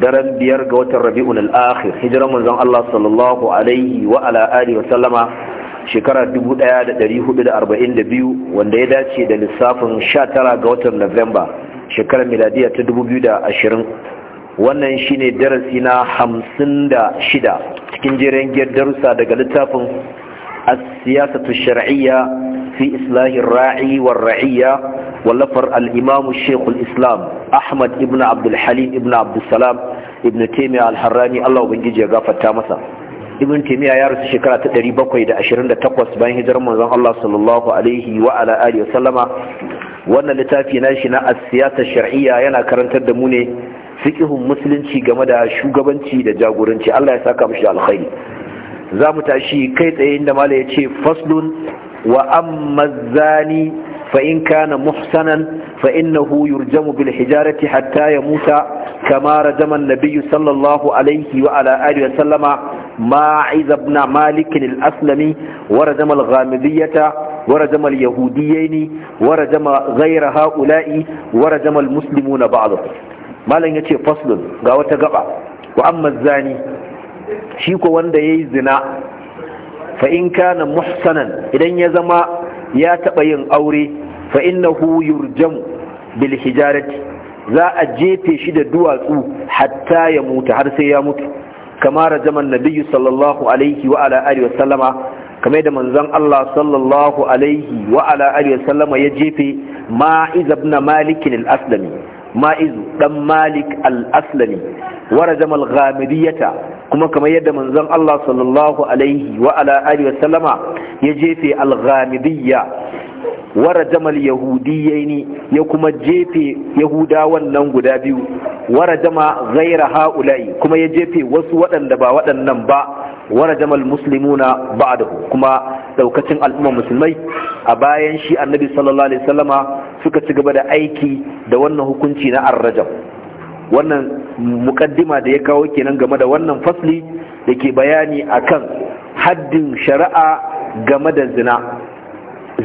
daren biyar ga watan rabi'un al-akhir hijiran manzon Allah sallallahu alaihi wa ala alihi wa sallama shekara 1442 wanda ya dace da lissafin 19 ga watan November shekarar miladiya ta 2020 wannan shine darasi na 56 cikin jerin giyar darussa daga littafin as-siyasatu shar'iyya fi islahi ar-ra'i war-ra'iyya wallafar al-imam Sheikh al-Islam Ahmad ibn Abdul Halim ibn Abdul ibn taimiya al-harrani Allah ubangiji ya gafarta masa ibn taimiya ya rasu shekara ta 728 bayan hijirar manzon Allah sallallahu alaihi wa ala alihi wa sallama wannan littafi na shi na as-siyasa shar'iyya yana karantar da mu ne fiqhun musulunci game da shugabanci da jagoranci Allah ya saka mishi alkhairi za mu tashi kai tsaye inda mala ya ce faslun wa amma zani فإن كان محسنا فإنه يرجم بالحجارة حتى يموت كما رجم النبي صلى الله عليه وعلى آله وسلم ماعز بن مالك الأسلمي ورجم الغامدية ورجم اليهوديين ورجم غير هؤلاء ورجم المسلمون بعضهم ما لن يتي فصل قاوة قبع وأما الزاني شيكو وند يزنا فإن كان محسنا إذن يزما ya taɓa yin aure fa innahu yurjamu bil hijarati za a jefe shi da duwatsu hatta ya mutu har sai ya mutu kama rajaman nabiyyu sallallahu alaihi wa ala alihi wa sallama kamar da manzon Allah sallallahu alaihi wa ala alihi wa sallama ya jefe ma'iz ibn malik al-aslami ma'iz dan malik al-aslami ورجم الغامدية كما كما يد منزل الله صلى الله عليه وعلى آله وسلم يجيفي الغامدية ورجم اليهوديين يكما جيفي يهودا والنغدا بيو ورجم غير هؤلاء كما يجيفي وسوة النبا والنبا ورجم المسلمون بعده كما daukacin al'umma musulmai a bayan shi annabi sallallahu alaihi wasallama suka ci gaba da aiki da wannan hukunci na arrajam wannan mukaddima da ya kawo kenan game da wannan fasli da ke bayani kan haddin shari'a game da zina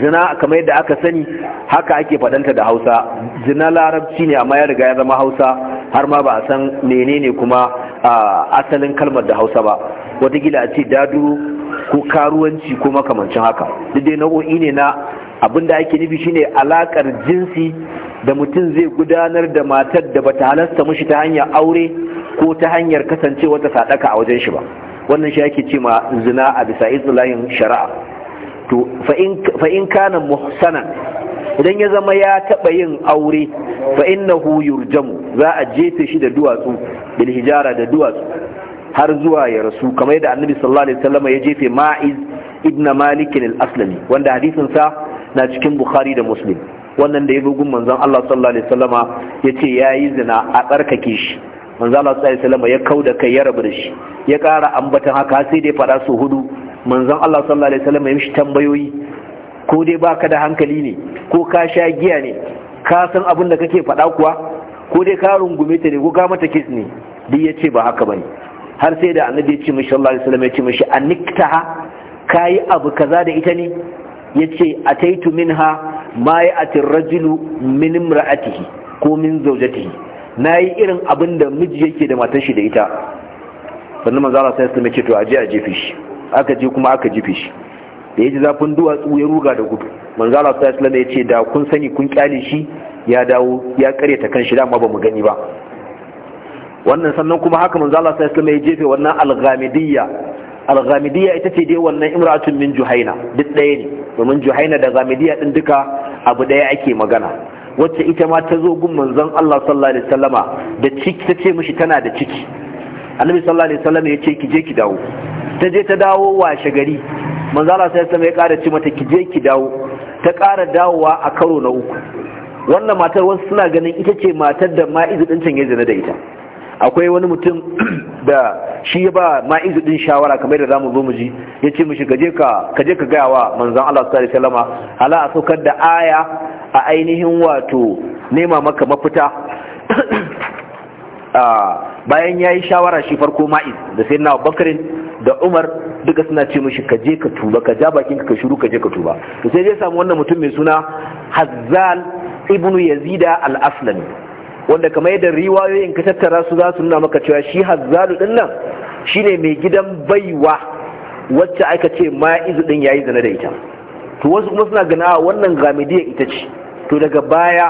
zina kamar yadda aka sani haka ake fadanta da hausa zina larabci ne amma ya riga ya zama hausa har ma ba a san menene kuma asalin kalmar da hausa ba watakila a ce dadu ko karuwanci ko makamancin haka duk dai nau'o'i ne na abin da ake nufi shine alakar jinsi da mutum zai gudanar da matar da bata halasta mushi ta hanyar aure ko ta hanyar kasancewa ta sadaka a wajen shi ba wannan shi ake ce zina a bisa islahin shari'a to fa in kana muhsanan idan ya zama ya taba yin aure fa innahu yurjamu za a jefe shi da duwatsu bil hijara da duwatsu har zuwa ya rasu kamar yadda annabi sallallahu alaihi wasallam ya jefe ma'iz ibn malik al-aslami wanda hadisin sa na cikin bukhari da muslim wannan da ya bugun manzon Allah sallallahu alaihi wasallama yace yayi zina a tsarkake shi manzon Allah sallallahu alaihi wasallama ya kauda kai ya rabu da shi ya ƙara ambatan haka sai dai fada su hudu manzon Allah sallallahu alaihi wasallama ya mishi tambayoyi ko dai baka da hankali ne ko ka sha giya ne ka san abin da kake faɗa kuwa ko dai ka rungume ta ne ko ka mata kiss ne duk yace ba haka bane har sai da annabi ya ce mishi sallallahu alaihi wasallama ya ce mishi anniktaha kai abu kaza da ita ne yace ataitu minha ma ya atin rajulu min imra'atihi ko min zaujatihi nayi irin abin da miji yake da matar shi da ita Sannu manzo Allah sai ya ce to aje a jefe shi aka je kuma aka jefe shi da yaji zafin duwatsu ya ruga da gudu manzo Allah sai ya ce da kun sani kun kyale shi ya dawo ya kare ta kan shi dama ba mu gani ba wannan sannan kuma haka manzo Allah sai ya jefe wannan al al-ghamidiyya ita ce dai wannan imratun min juhaina duk ɗaya ne domin juhaina da ghamidiyya din duka abu ɗaya ake magana wacce ita ma ta zo gun manzon Allah sallallahu alaihi wasallama da ciki ta ce mishi tana da ciki annabi sallallahu alaihi wasallama ya ce ki je ki dawo ta je ta dawo wa shagari. manzon Allah sallallahu alaihi wasallama ya ƙara ce mata ki je ki dawo ta ƙara dawowa a karo na uku wannan matar wasu suna ganin ita ce matar da ma'izu ɗin can ya zina da ita akwai wani mutum da shi ya ba ma'izu din shawara kamar da zamu zo mu ji yace mishi gaje ka kaje ka gaya wa manzon Allah sallallahu alaihi wasallam ala a saukar da aya a ainihin wato nema maka mafita bayan yayi shawara shi farko ma'iz da na bakarin da Umar duka suna ce mishi kaje ka tuba ka ja bakin ka shiru kaje ka tuba to sai ya samu wannan mutum mai suna Hazzal ibnu Yazida al-Aslami wanda kama yadda riwayoyin ka tattara su za su nuna maka cewa shi hazzalu din nan shine mai gidan baiwa wacce aka ce ma izu din yayi zana da ita to wasu kuma suna gana ah, wannan gamidiyar ita ce to daga baya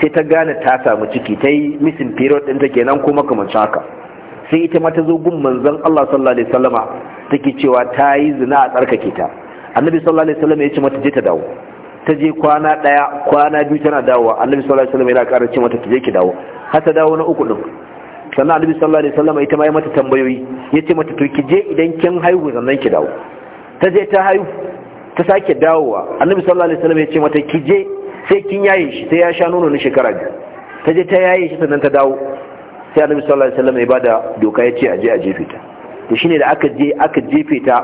sai ta gane ta samu ciki ta yi misin period ɗinta kenan ko makamancin haka sai ita ma ta zo gun manzon Allah sallallahu alaihi wasallama take cewa ta yi zina a tsarkake ta annabi sallallahu alaihi wasallama ya ce mata je ta dawo ta je kwana daya kwana biyu tana dawowa annabi sallallahu alaihi wasallam yana ƙara cewa ta je ki dawo har ta dawo na uku din sannan annabi sallallahu alaihi wasallam ita ma ya mata tambayoyi yace mata to ki je idan kin haihu sannan ki dawo ta je ta haihu ta sake dawowa annabi sallallahu alaihi wasallam yace mata ki je sai kin yaye shi sai ya sha nono na shekara biyu ta je ta yaye shi sannan ta dawo sai annabi sallallahu alaihi wasallam ya bada doka yace je a jefe ta to shine da aka je aka jefe ta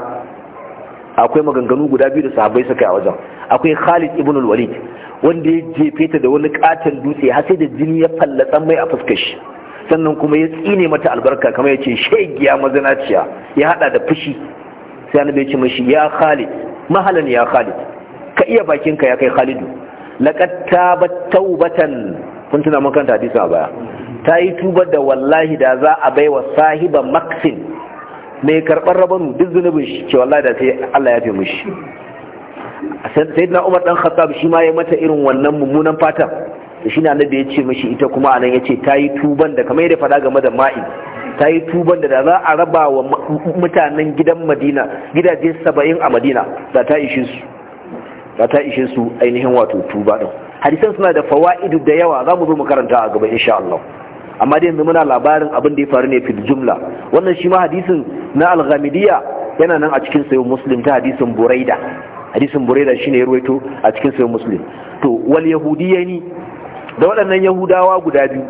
akwai maganganu guda biyu da sahabbai suka yi a wajen akwai Khalid ibn al-Walid wanda ya jefe ta da wani katon dutse har sai da jini ya fallatsa mai a fuskar shi sannan kuma ya tsine mata albarka kamar yace shegiya mazanaciya ya hada da fushi sai annabi ya ce mashi ya Khalid mahalan ya Khalid ka iya bakin ka ya kai Khalidu laqad taba taubatan kun tuna mun kanta hadisi a baya ta yi tuba da wallahi da za a baiwa sahiba maksin mai karɓar rabanu duk zunubin shi ce wallahi da sai Allah ya fi mushi sayyidina umar dan khattab shi ma ya mata irin wannan mummunan fata shi ne annabi ya ce mishi ita kuma anan ya ce ta yi tuban da kamar yadda faɗa game da ma'in ta yi tuban da za a raba wa mutanen gidan madina gidaje saba'in a madina da ta ishe su ta ishe su ainihin wato tuba ɗin hadisan suna da fawa'idu da yawa za mu zo mu karanta a gaba insha Allah amma dai yanzu muna labarin abin da ya faru ne fil jumla wannan shi ma hadisin na al yana nan a cikin sayo muslim ta hadisin buraida hadisin buraida shine ya ruwaito a cikin sahih muslim to wal yahudiyani da waɗannan yahudawa guda biyu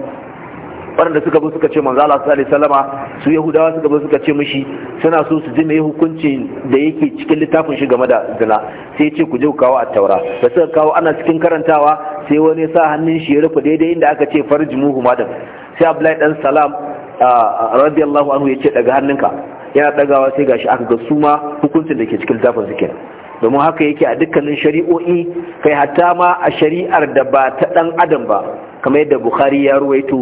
waɗanda suka bi suka ce manzo Allah sallallahu alaihi wasallama su yahudawa suka bi suka ce mishi suna so su ji me hukuncin da yake cikin littafin shi game da zina sai ya ce ku je ku kawo at-taura da suka kawo ana cikin karantawa sai wani sa hannun shi ya rufe daidai inda aka ce farjmuhu madan sai Abdullahi dan Salam radiyallahu anhu ya ce daga hannunka yana dagawa sai gashi aka ga suma ma hukuncin da ke cikin littafin su kenan domin haka yake a dukkanin shari'o'i kai hatta ma a shari'ar da ba ta dan adam ba kamar yadda bukhari ya ruwaito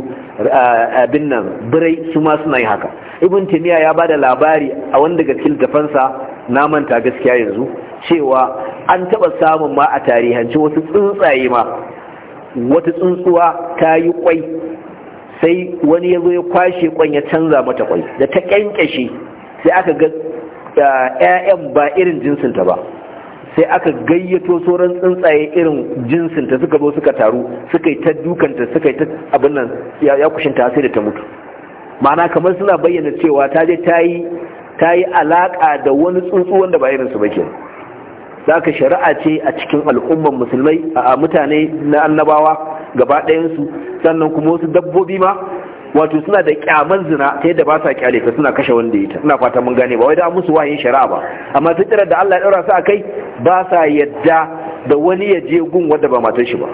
abin nan birai su ma suna yin haka ibn timiya ya bada labari a wanda daga cikin dafansa na manta gaskiya yanzu cewa an taba samun ma a tarihanci wasu tsuntsaye ma wata tsuntsuwa ta yi kwai sai wani ya zo ya kwashe kwan ya canza mata kwai da ta kyankyashe sai aka ga 'ya'yan ba irin jinsinta ba sai aka gayyato sauran tsuntsaye irin jinsinta suka zo suka taru suka yi ta dukanta suka yi ta abin nan ya kushinta sai da ta mutu ma'ana kamar suna bayyana cewa ta je ta yi ta yi alaƙa da wani tsuntsu wanda ba irinsu ba ke za ka shari'a ce a cikin al'umman musulmai a mutane na annabawa gaba ɗayansu sannan kuma wasu dabbobi ma wato suna da kyaman zina ta yadda ba sa kyale Ka suna kashe wanda ita suna fata mun gane ba wai da musu wahayin shari'a ba amma kira da Allah ya daura su kai ba sa yadda da wani ya je gun wanda ba matar shi ba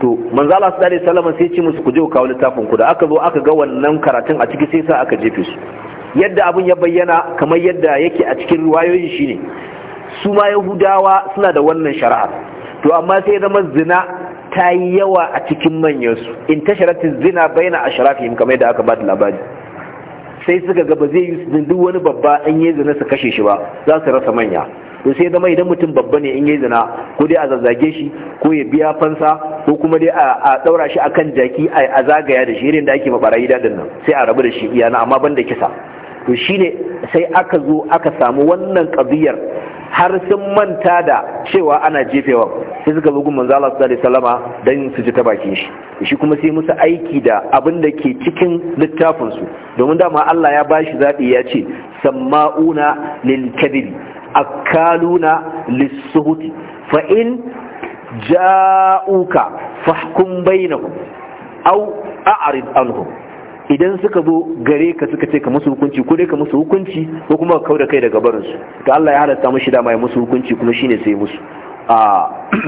to manzo Allah sallallahu alaihi wasallam sai ya ce musu ku je ku kawo littafin ku da aka zo aka ga wannan karatun a ciki sai sa aka jefe su yadda abun ya bayyana kamar yadda yake a cikin riwayoyin shine su ma yahudawa suna da wannan shari'a to amma sai zama zina ta yi yawa a cikin manyansu in tasharatin zina bayyana a sharafihim kamar yadda aka ba da labari sai suka ga ba zai yi su wani babba in yi zina su kashe shi ba za su rasa manya to sai zama idan mutum babba ne in yi zina ko dai a zazzage shi ko ya biya fansa ko kuma dai a daura shi akan jaki a zagaya da shi irin da ake mabarayi da nan sai a rabu da shi iyana amma ban da kisa to shine sai aka zo aka samu wannan kabiyar har sun manta da cewa ana jefewa sai suka bugu manzo Allah sallallahu alaihi wasallama dan su ji ta bakin shi shi kuma sai musu aiki da abin da ke cikin littafin su domin dama Allah ya bashi zabi ya ce samma'una lil kadhibi akaluna lis fa'in fa in ja'uka fahkum bainahum aw a'rid idan suka zo gare ka suka ce ka musu hukunci ko dai ka musu hukunci ko kuma ka kai daga barinsu to Allah ya halatta mushi dama ya musu hukunci kuma shine sai musu a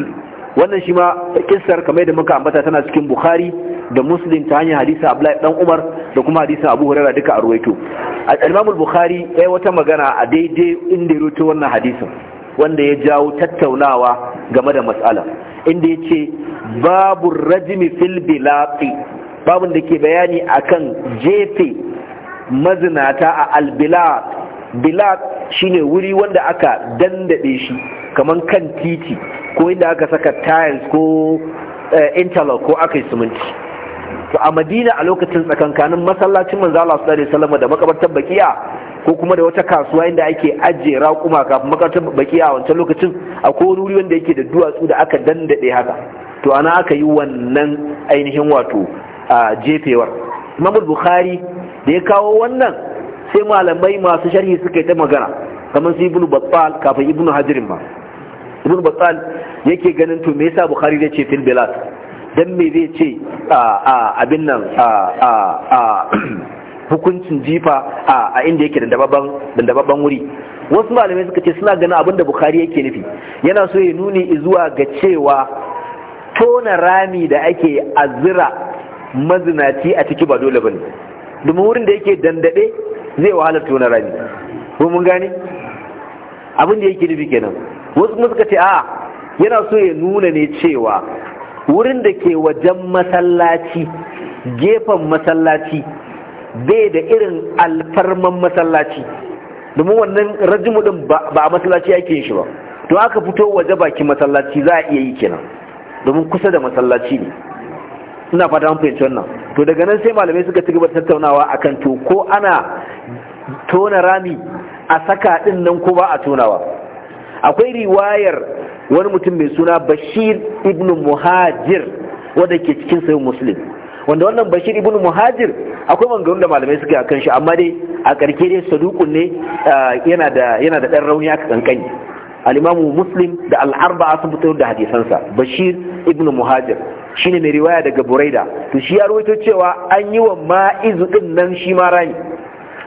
wannan shi ma kissar kamar da muka ambata tana cikin Bukhari da Muslim ta hanyar hadisi Abdullahi dan Umar da kuma hadisin Abu Hurairah duka a ruwaito Al-Imam Bukhari yayi wata magana a daidai inda ya ruwaito wannan hadisin wanda ya jawo tattaunawa game da matsala. inda ya ce babu rajmi fil bilaqi babin da ke bayani a kan jefe mazinata a albilat bilat shine wuri wanda aka dandade shi kamar kan titi ko inda aka saka tiles ko eh, interlock ko aka yi siminti to a madina a lokacin tsakankanin masallacin manzo Allah sallallahu alaihi wasallam da makabartar bakiya ko kuma da wata kasuwa inda ake ajiye raƙuma kafin makabartar bakiya a wancan lokacin akwai wuri wanda yake da duwatsu da aka dandade haka to ana aka yi wannan ainihin wato a jefewar imam bukhari da ya kawo wannan sai malamai masu sharhi suka yi ta magana kamar su Ibn battal kafin ibnu hajirin ba Ibn battal yake ganin to me yasa bukhari ya ce fil bilad dan me zai ce a abin nan a hukuncin jifa a inda yake dababban wuri wasu malamai suka ce suna ganin da bukhari yake nufi yana so ya nuni zuwa ga cewa tona rami da ake azira mazinaci a ciki ba dole bane domin wurin da yake dandade zai wahala tona rami ko mun gane abin da yake nufi kenan wasu kuma suka ce a yana so ya nuna ne cewa wurin da ke wajen masallaci gefen masallaci bai da irin alfarman masallaci domin wannan rajimu din ba a masallaci yake yin shi ba to aka fito waje bakin masallaci za a iya yi kenan domin kusa da masallaci ne ina fata mun fahimci wannan to daga nan sai malamai suka ci gaba tattaunawa akan to ko ana tona rami a saka din nan ko ba a tonawa akwai riwayar wani mutum mai suna Bashir ibn Muhajir wanda ke cikin sahih Muslim wanda wannan Bashir ibn Muhajir akwai maganganun da malamai suka kan shi amma dai a karke dai saduqun ne eh, yana da yana da dan rauni aka kankani al-Imam Muslim da al-Arba'a sun fito da hadisansa Bashir ibn Muhajir shine mai riwaya daga buraida to shi ya rubuta cewa an yi wa ma'izu din nan shi ma rami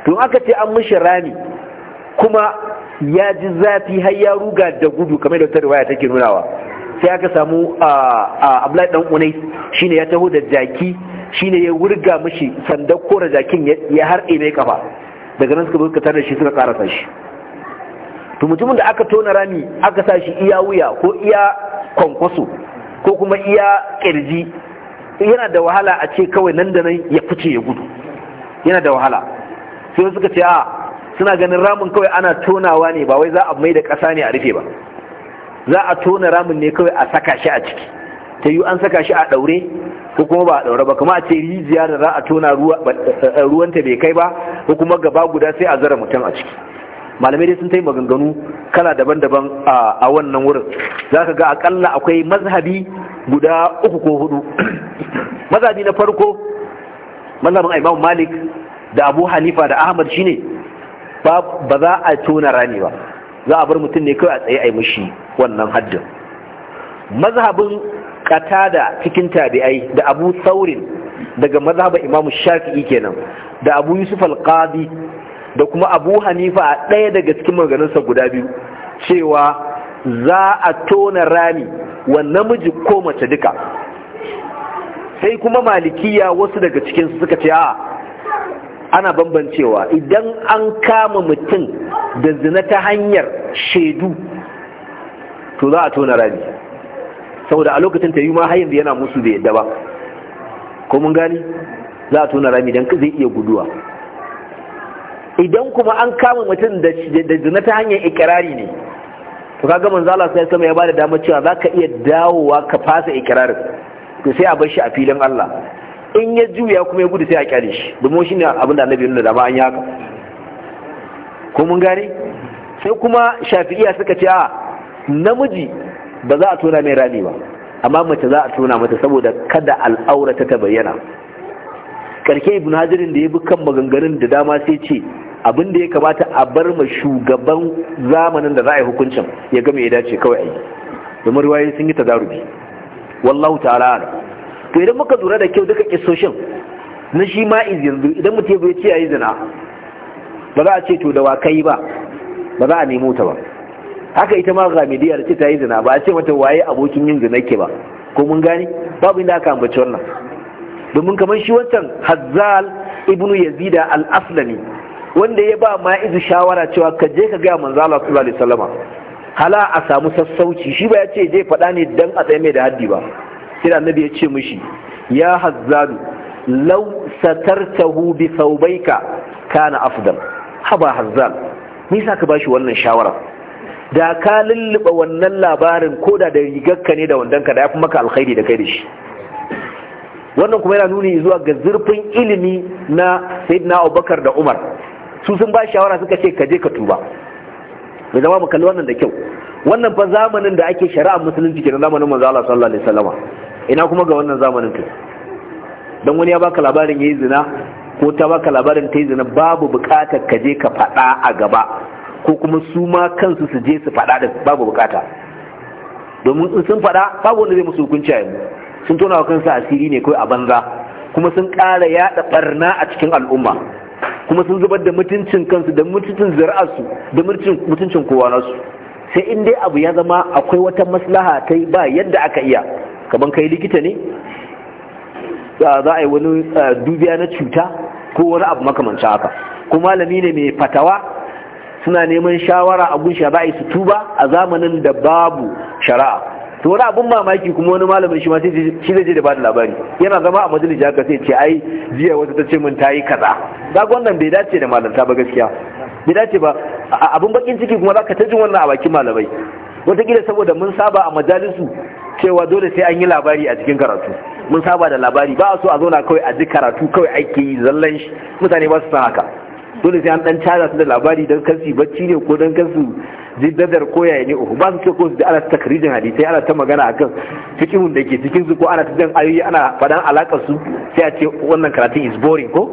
to aka ce an mishi rami kuma ya ji zafi har ya ruga da gudu kamar da wata riwaya take nunawa sai aka samu abdullahi dan unai shine ya taho da jaki shine ya wurga mishi sandar kora jakin ya harɗe mai kafa daga nan suka zo ka da shi suka karasa shi to mutumin da aka tona rami aka sa shi iya wuya ko iya kwankwaso ko kuma iya kirji yana da wahala a ce kawai nan da nan ya fice ya gudu yana da wahala sai suka ce a suna ganin ramin kawai ana tonawa ne ba wai za a mai da ƙasa ne a rufe ba za a tona ramin ne kawai a saka shi a ciki ta yi an saka shi a ɗaure ko kuma ba a ɗaure ba kuma a ce rijiya da za a tona eh, eh, ruwanta bai kai ba ko kuma gaba guda sai a zara mutum a ciki malamai dai sun ta yi maganganu kala daban-daban a wannan wurin za ka ga akalla akwai mazhabi guda uku ko hudu mazhabi na farko mazhabin imam malik da abu hanifa da ahmad shine ba za a tona rani ba za a bar mutum ne kawai a tsaye a yi mushi wannan haddin mazhabin katada cikin tabi'ai da abu saurin daga mazhabin imam shafi'i kenan da abu yusuf al-qadi da kuma abu hanifa a ɗaya daga cikin maganarsa guda biyu cewa za a tona rami wa namiji ko mace duka sai kuma malikiya wasu daga cikinsu suka ce a ana bambancewa idan an kama mutum da zina ta hanyar shaidu to za a tona rami saboda a lokacin ta yi ma hayan yana musu da yadda ba ko mun gani za a tona rami don zai iya guduwa idan kuma an kama mutum da zina ta hanyar ikirari ne to kaga manzo Allah sai sama ya bada damar cewa za ka iya dawowa ka fasa ikirarin to sai a bar shi a filin Allah in ya juya kuma ya gudu sai a kyale shi domin shine abin da Annabi da dama an yi haka ko mun gane sai kuma Shafi'iya suka ce a namiji ba za a tona mai rami ba amma mace za a tona mata saboda kada al'aura ta bayyana karke ibn hajarin da ya bi kan maganganun da dama sai ce abin da ya kamata a bar ma shugaban zamanin da za a yi hukuncin ya gama ya dace kawai ayi domin ruwaye sun yi tazarubi wallahu ta'ala to idan muka lura da kyau duka kisoshin na shi ma'iz yanzu idan mutum ya ce yayi zina ba za a ce to da wa kai ba ba za a nemo ta ba haka ita ma gamidiya da ce ta yi zina ba a ce mata waye abokin yin zina ke ba ko mun gane babu inda aka ambaci wannan domin kamar shi wancan hazzal ibnu yazida al-aslami wanda ya ba izu shawara cewa ka je ka gaya manzo Allah sallallahu alaihi wasallama hala a samu sassauci shi ba ya ce zai faɗa ne dan a tsaye mai da haddi ba sai annabi ya ce mishi ya hazzalu law satartahu bi thawbayka kana afdal haba hazzal me yasa ka bashi wannan shawara da ka lulluɓa wannan labarin koda da da rigarka ne da ka da ya fi maka alkhairi da kai da shi wannan kuma yana nuni zuwa ga zurfin ilimi na sayyidina abubakar da umar su sun ba shawara suka ce ka je ka tuba mai zama mu kalli wannan da kyau wannan fa zamanin da ake shari'ar musulunci kenan zamanin manzo Allah sallallahu alaihi wasallama ina kuma ga wannan zamanin ka dan wani ya baka labarin yayi zina ko ta baka labarin ta yi zina babu bukatar ka je ka faɗa a gaba ko kuma su ma kansu su je su faɗa da babu bukata domin in sun faɗa babu wanda zai musu hukunci a yanzu sun tona wa kansu asiri ne kai a banza kuma sun ƙara yaɗa ɓarna a cikin al'umma kuma sun zubar da mutuncin kansu da mutuncin zuri'arsu da mutuncin kowa sai in dai abu ya zama akwai wata maslaha ta yi ba yadda aka iya ka kai likita ne za a yi wani eh, dubiya na cuta ko wani abu makamanci haka Kuma malami ne mai fatawa suna neman shawara a gunsha za a yi su tuba a zamanin da babu shari'a to wani abin mamaki kuma wani malamin shi ma sai shi zai je da bada labari yana zama a majalisa haka sai ce ai jiya wata ta ce min ta yi kaza ga wannan bai dace da malanta ba gaskiya bai dace ba abun bakin ciki kuma zaka ta jin wannan a bakin malamai wataƙila saboda mun saba a majalisu cewa dole sai an yi labari a cikin karatu mun saba da labari ba a so a zauna kawai a ji karatu kawai ake yi zallan shi mutane ba su san haka dole sai an dan caza su da labari don kansu bacci ne ko don kansu zidadar koyaye ne uku ba su ce ko su da ala takrijin hadisai ala ta magana akan fikihun da ke cikin su ko ana ta jan ayoyi ana faɗan alakar su sai a ce wannan karatun is boring ko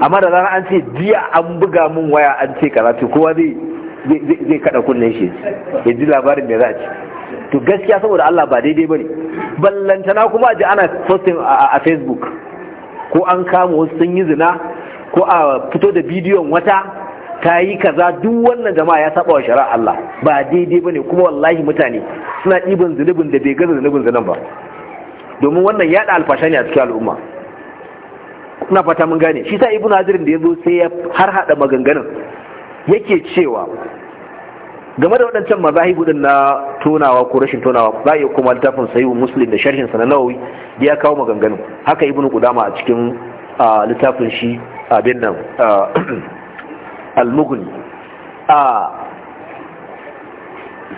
amma da zarar an ce jiya an buga mun waya an ce karatu kowa zai zai kada kullun shi ya ji labarin me za a ci to gaskiya saboda Allah ba daidai bane ballantana kuma ji ana posting a Facebook ko an kama wasu sun yi zina ko a fito da bidiyon wata Ta yi kaza duk wannan jama'a ya saba wa shari'a Allah ba daidai bane kuma wallahi mutane suna ɗiban zunubin da bai gaza zunubin zunan ba domin wannan yaɗa alfasha ne a cikin al'umma na fata mun gane shi ta ibnu hazirin da ya zo sai ya har hada maganganun yake cewa game da waɗancan mazahibu din na tonawa ko rashin tonawa za a iya kuma littafin sayi muslim da sharhin sa na nawawi da ya kawo maganganun haka ibnu qudama a cikin littafin shi abin nan al-mughni a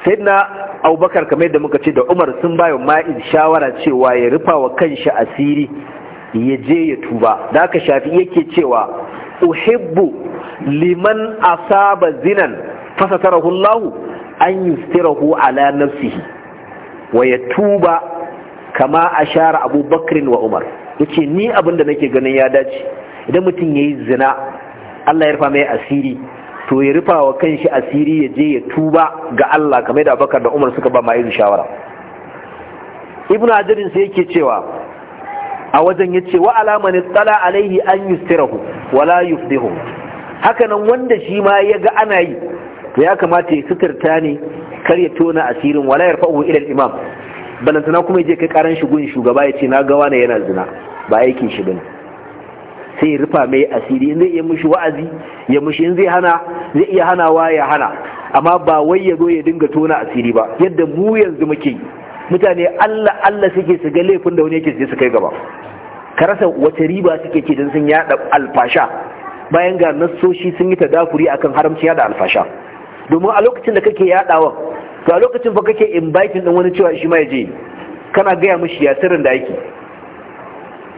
sayyidina abubakar kamar yadda muka ce da umar sun bayo ma'id shawara cewa ya rufa wa kanshi asiri ya je ya tuba da aka shafi yake cewa uhibbu liman asaba zinan fasatarahu Allah an yustirahu ala nafsihi wa ya tuba kama ashara abubakar wa umar yace ni abin abinda nake ganin ya dace idan mutum yayi zina Allah ya rufa mai asiri to ya rufa wa kanshi asiri ya je ya tuba ga Allah kamar da Abubakar da Umar suka ba mai shawara Ibn Hajar sai yake cewa a wajen yace wa alamani tsala alaihi an yustirahu wala yufdihu haka nan wanda shi ma ya ga ana yi to ya kamata ya suturta ne kar ya tona asirin wala idan ila imam balantana kuma ya je kai karan shi gun shugaba ya ce na ga ne yana zina ba aikin shi bane sai ya rufa mai asiri in zai iya mushi wa'azi ya mushi in zai hana zai iya hanawa ya hana amma ba wai ya zo ya dinga tona asiri ba yadda mu yanzu muke mutane Allah Allah suke su ga laifin da wani yake su kai gaba ka rasa wace riba suke ke don sun yada alfasha bayan ga nassoshi sun yi tadafuri akan haramci yada alfasha domin a lokacin da kake yadawa to a lokacin fa kake inviting din wani cewa shi ma ya je kana gaya mishi ya sirrin da yake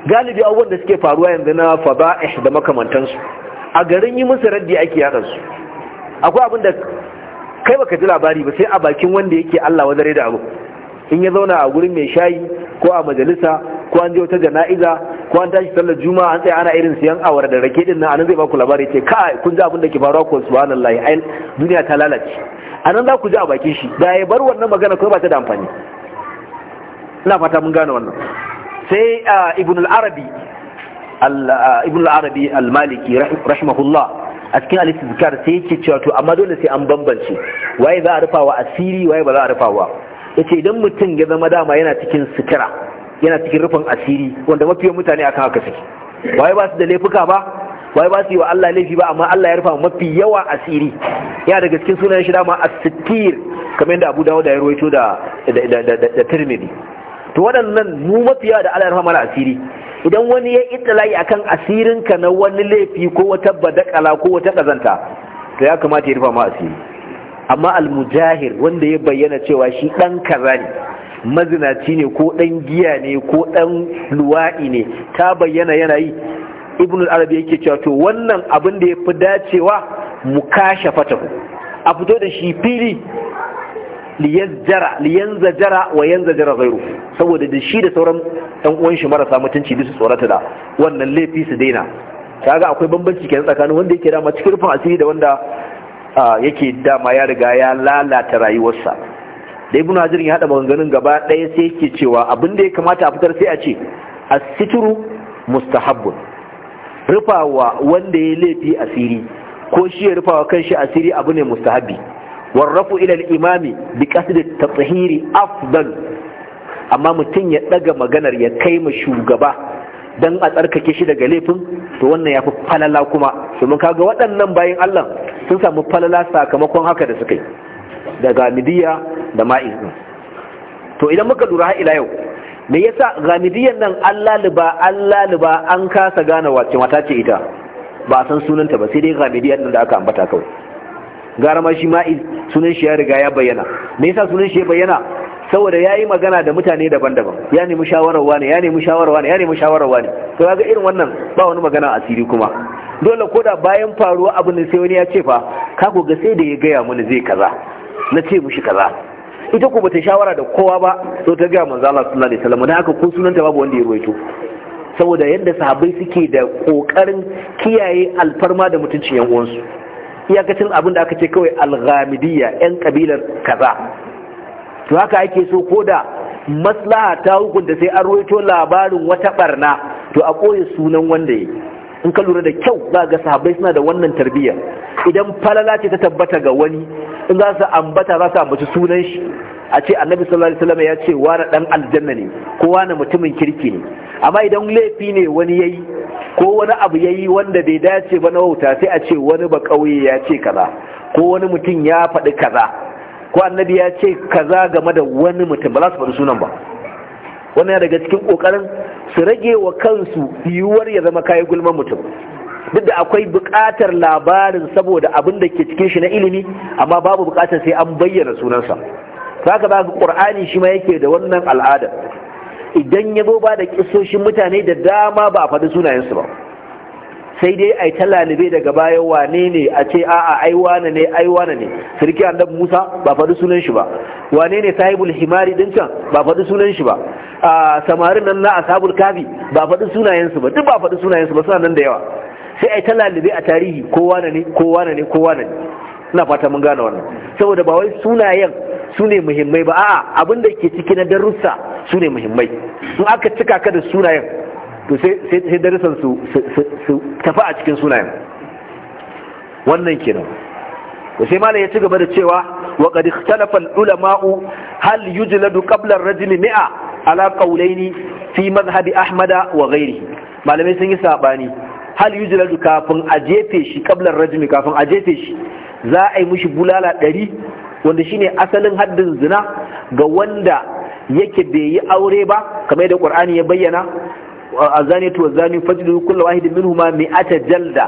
galibi abubuwan da suke faruwa yanzu na faba'ih da makamantansu a garin yi musu raddi ake yaran su akwai abin da kai baka ji labari ba sai a bakin wanda yake Allah wazare da abu in ya zauna a gurin mai shayi ko a majalisa ko an je wata jana'iza ko an tashi sallar juma'a an tsaya ana irin siyan awara da rake din nan anan zai baku labari ce ka kun ji abin da ke faruwa ko subhanallahi ai duniya ta lalace anan za ku ji a bakin shi da ya bar wannan magana ko ba ta da amfani ina fata mun gane wannan sai ah, ibn al-arabi al ah, maliki rahimahullah a cikin al zikar sai yake cewa to amma dole sai an bambance waye za a rufawa asiri waye ba za a rufawa ce idan mutum ya zama dama yana cikin sutura yana cikin rufin asiri wanda mafi mutane akan haka suke waye ba su da laifuka ba waye ba su yi wa Allah laifi ba amma Allah ya rufa mafi yawa asiri yana daga cikin sunan shi dama as-sittir kamar yadda Abu Dawud ya rawaito da da da, to waɗannan mu mafi yawa da Allah ya mana asiri idan wani ya itlayi akan asirinka na wani laifi ko wata badakala ko wata kazanta to ya kamata ya rufa ma asiri amma almujahir wanda ya bayyana cewa shi dan kaza ne mazinaci ne ko dan giya ne ko dan luwa'i ne ta bayyana yana yi ibn al-arabi yake cewa to wannan abin da ya fi dacewa mu mukashafa ta a fito da shi fili liyazjara liyanzajara wa yanzajara ghairu saboda da shi da sauran ɗan uwan shi marasa mutunci su tsorata da wannan laifi su daina kaga akwai bambanci kenan tsakanin wanda yake dama cikin rufin asiri da wanda yake dama ya riga ya lalata rayuwarsa da ibn hajar ya hada maganganun gaba ɗaya sai yake cewa abin da ya kamata a fitar sai a ce as-sitru mustahabbun rufawa wanda ya laifi asiri ko shi ya rufawa kanshi asiri abu ne mustahabbi warrafu ila imami bi qasd at-tathhiri afdal amma mutum ya daga maganar ya kai ma shugaba dan a tsarkake shi daga laifin to wannan yafi falala kuma domin kaga waɗannan bayan Allah sun samu falala sakamakon haka da suka yi daga midiya da ma'iz to idan muka lura har ila yau me yasa gamidiyan nan Allah liba Allah liba an kasa gane wace mata ce ita ba san sunanta ba sai dai gamidiyan nan da aka ambata kawai gara ma shi ma'iz sunan shi ya riga ya bayyana me yasa sunan shi ya bayyana saboda ya yi magana da mutane daban-daban ya nemi shawarar wani ya nemi shawarar wani ya nemi shawarar wani to ga irin wannan ba wani magana asiri kuma dole ko da bayan faruwa abin da sai wani ya ce fa ka ga sai da ya gaya mini zai kaza na ce mushi kaza ita ko bata shawara da kowa ba to ta gaya manzo Allah sallallahu alaihi wasallam dan haka ko sunanta babu wanda ya ruwaito saboda yadda sahabbai suke da kokarin kiyaye alfarma da mutuncin yan uwansu iyakacin abin da aka ce kawai alghamidiyya yan kabilar kaza to haka ake so ko da maslaha ta hukunta sai an roito labarin wata barna to a koyi sunan wanda ya in ka lura da kyau za ga sahabbai suna da wannan tarbiyyar idan falala ce ta tabbata ga wani in za su ambata za su ambaci sunan shi a ce annabi sallallahu alaihi wasallam ya ce wani dan aljanna ne ko wani mutumin kirki ne amma idan laifi ne wani yayi ko wani abu ya yi wanda bai dace ba na wauta sai a ce wani ba ƙauye ya ce kaza ko wani mutum ya faɗi kaza ko annabi ya ce kaza game da wani mutum ba za su faɗi sunan ba wannan daga cikin ƙoƙarin su rage wa kansu yiwuwar ya zama kayi gulman mutum duk da akwai buƙatar labarin saboda abin da ke cikin shi na ilimi amma babu buƙatar sai an bayyana sunansa haka ba ga ƙur'ani shi ma yake da wannan al'adar. idan ya zo ba da kisoshin mutane da dama ba a faɗi sunayensu ba sai dai a yi ta lalibe daga baya wane ne a ce a'a ai wane ne ai wane ne sarki annabi musa ba faɗi sunan shi ba wane ne sahibul himari din can ba faɗi sunan shi ba a samarin nan na ashabul kafi ba faɗi sunayensu ba duk ba faɗi sunayensu ba suna nan da yawa sai a yi ta lalibe a tarihi ko wane ne ko wane ne ko wane ne ina fata mun gane wannan saboda ba wai sunayen su ne muhimmai ba a'a abin da ke ciki na darussa su ne muhimmai in aka cika ka da sunayen to sai darasan su tafi a cikin sunayen wannan kenan to sai malam ya ci gaba da cewa wa qad ikhtalafa al-ulama'u hal yujladu qabla ar-rajuli mi'a ala qawlaini fi madhhabi ahmada wa ghayrihi malamai sun yi sabani hal yujladu kafin a jefe shi qabla ar-rajuli kafin a jefe shi za a yi mushi bulala ɗari wanda shine asalin haddin zina ga wanda yake bai yi aure ba kamar da qur'ani ya bayyana azani to azani fajdu kullu wahidin minhuma mi'ata jalda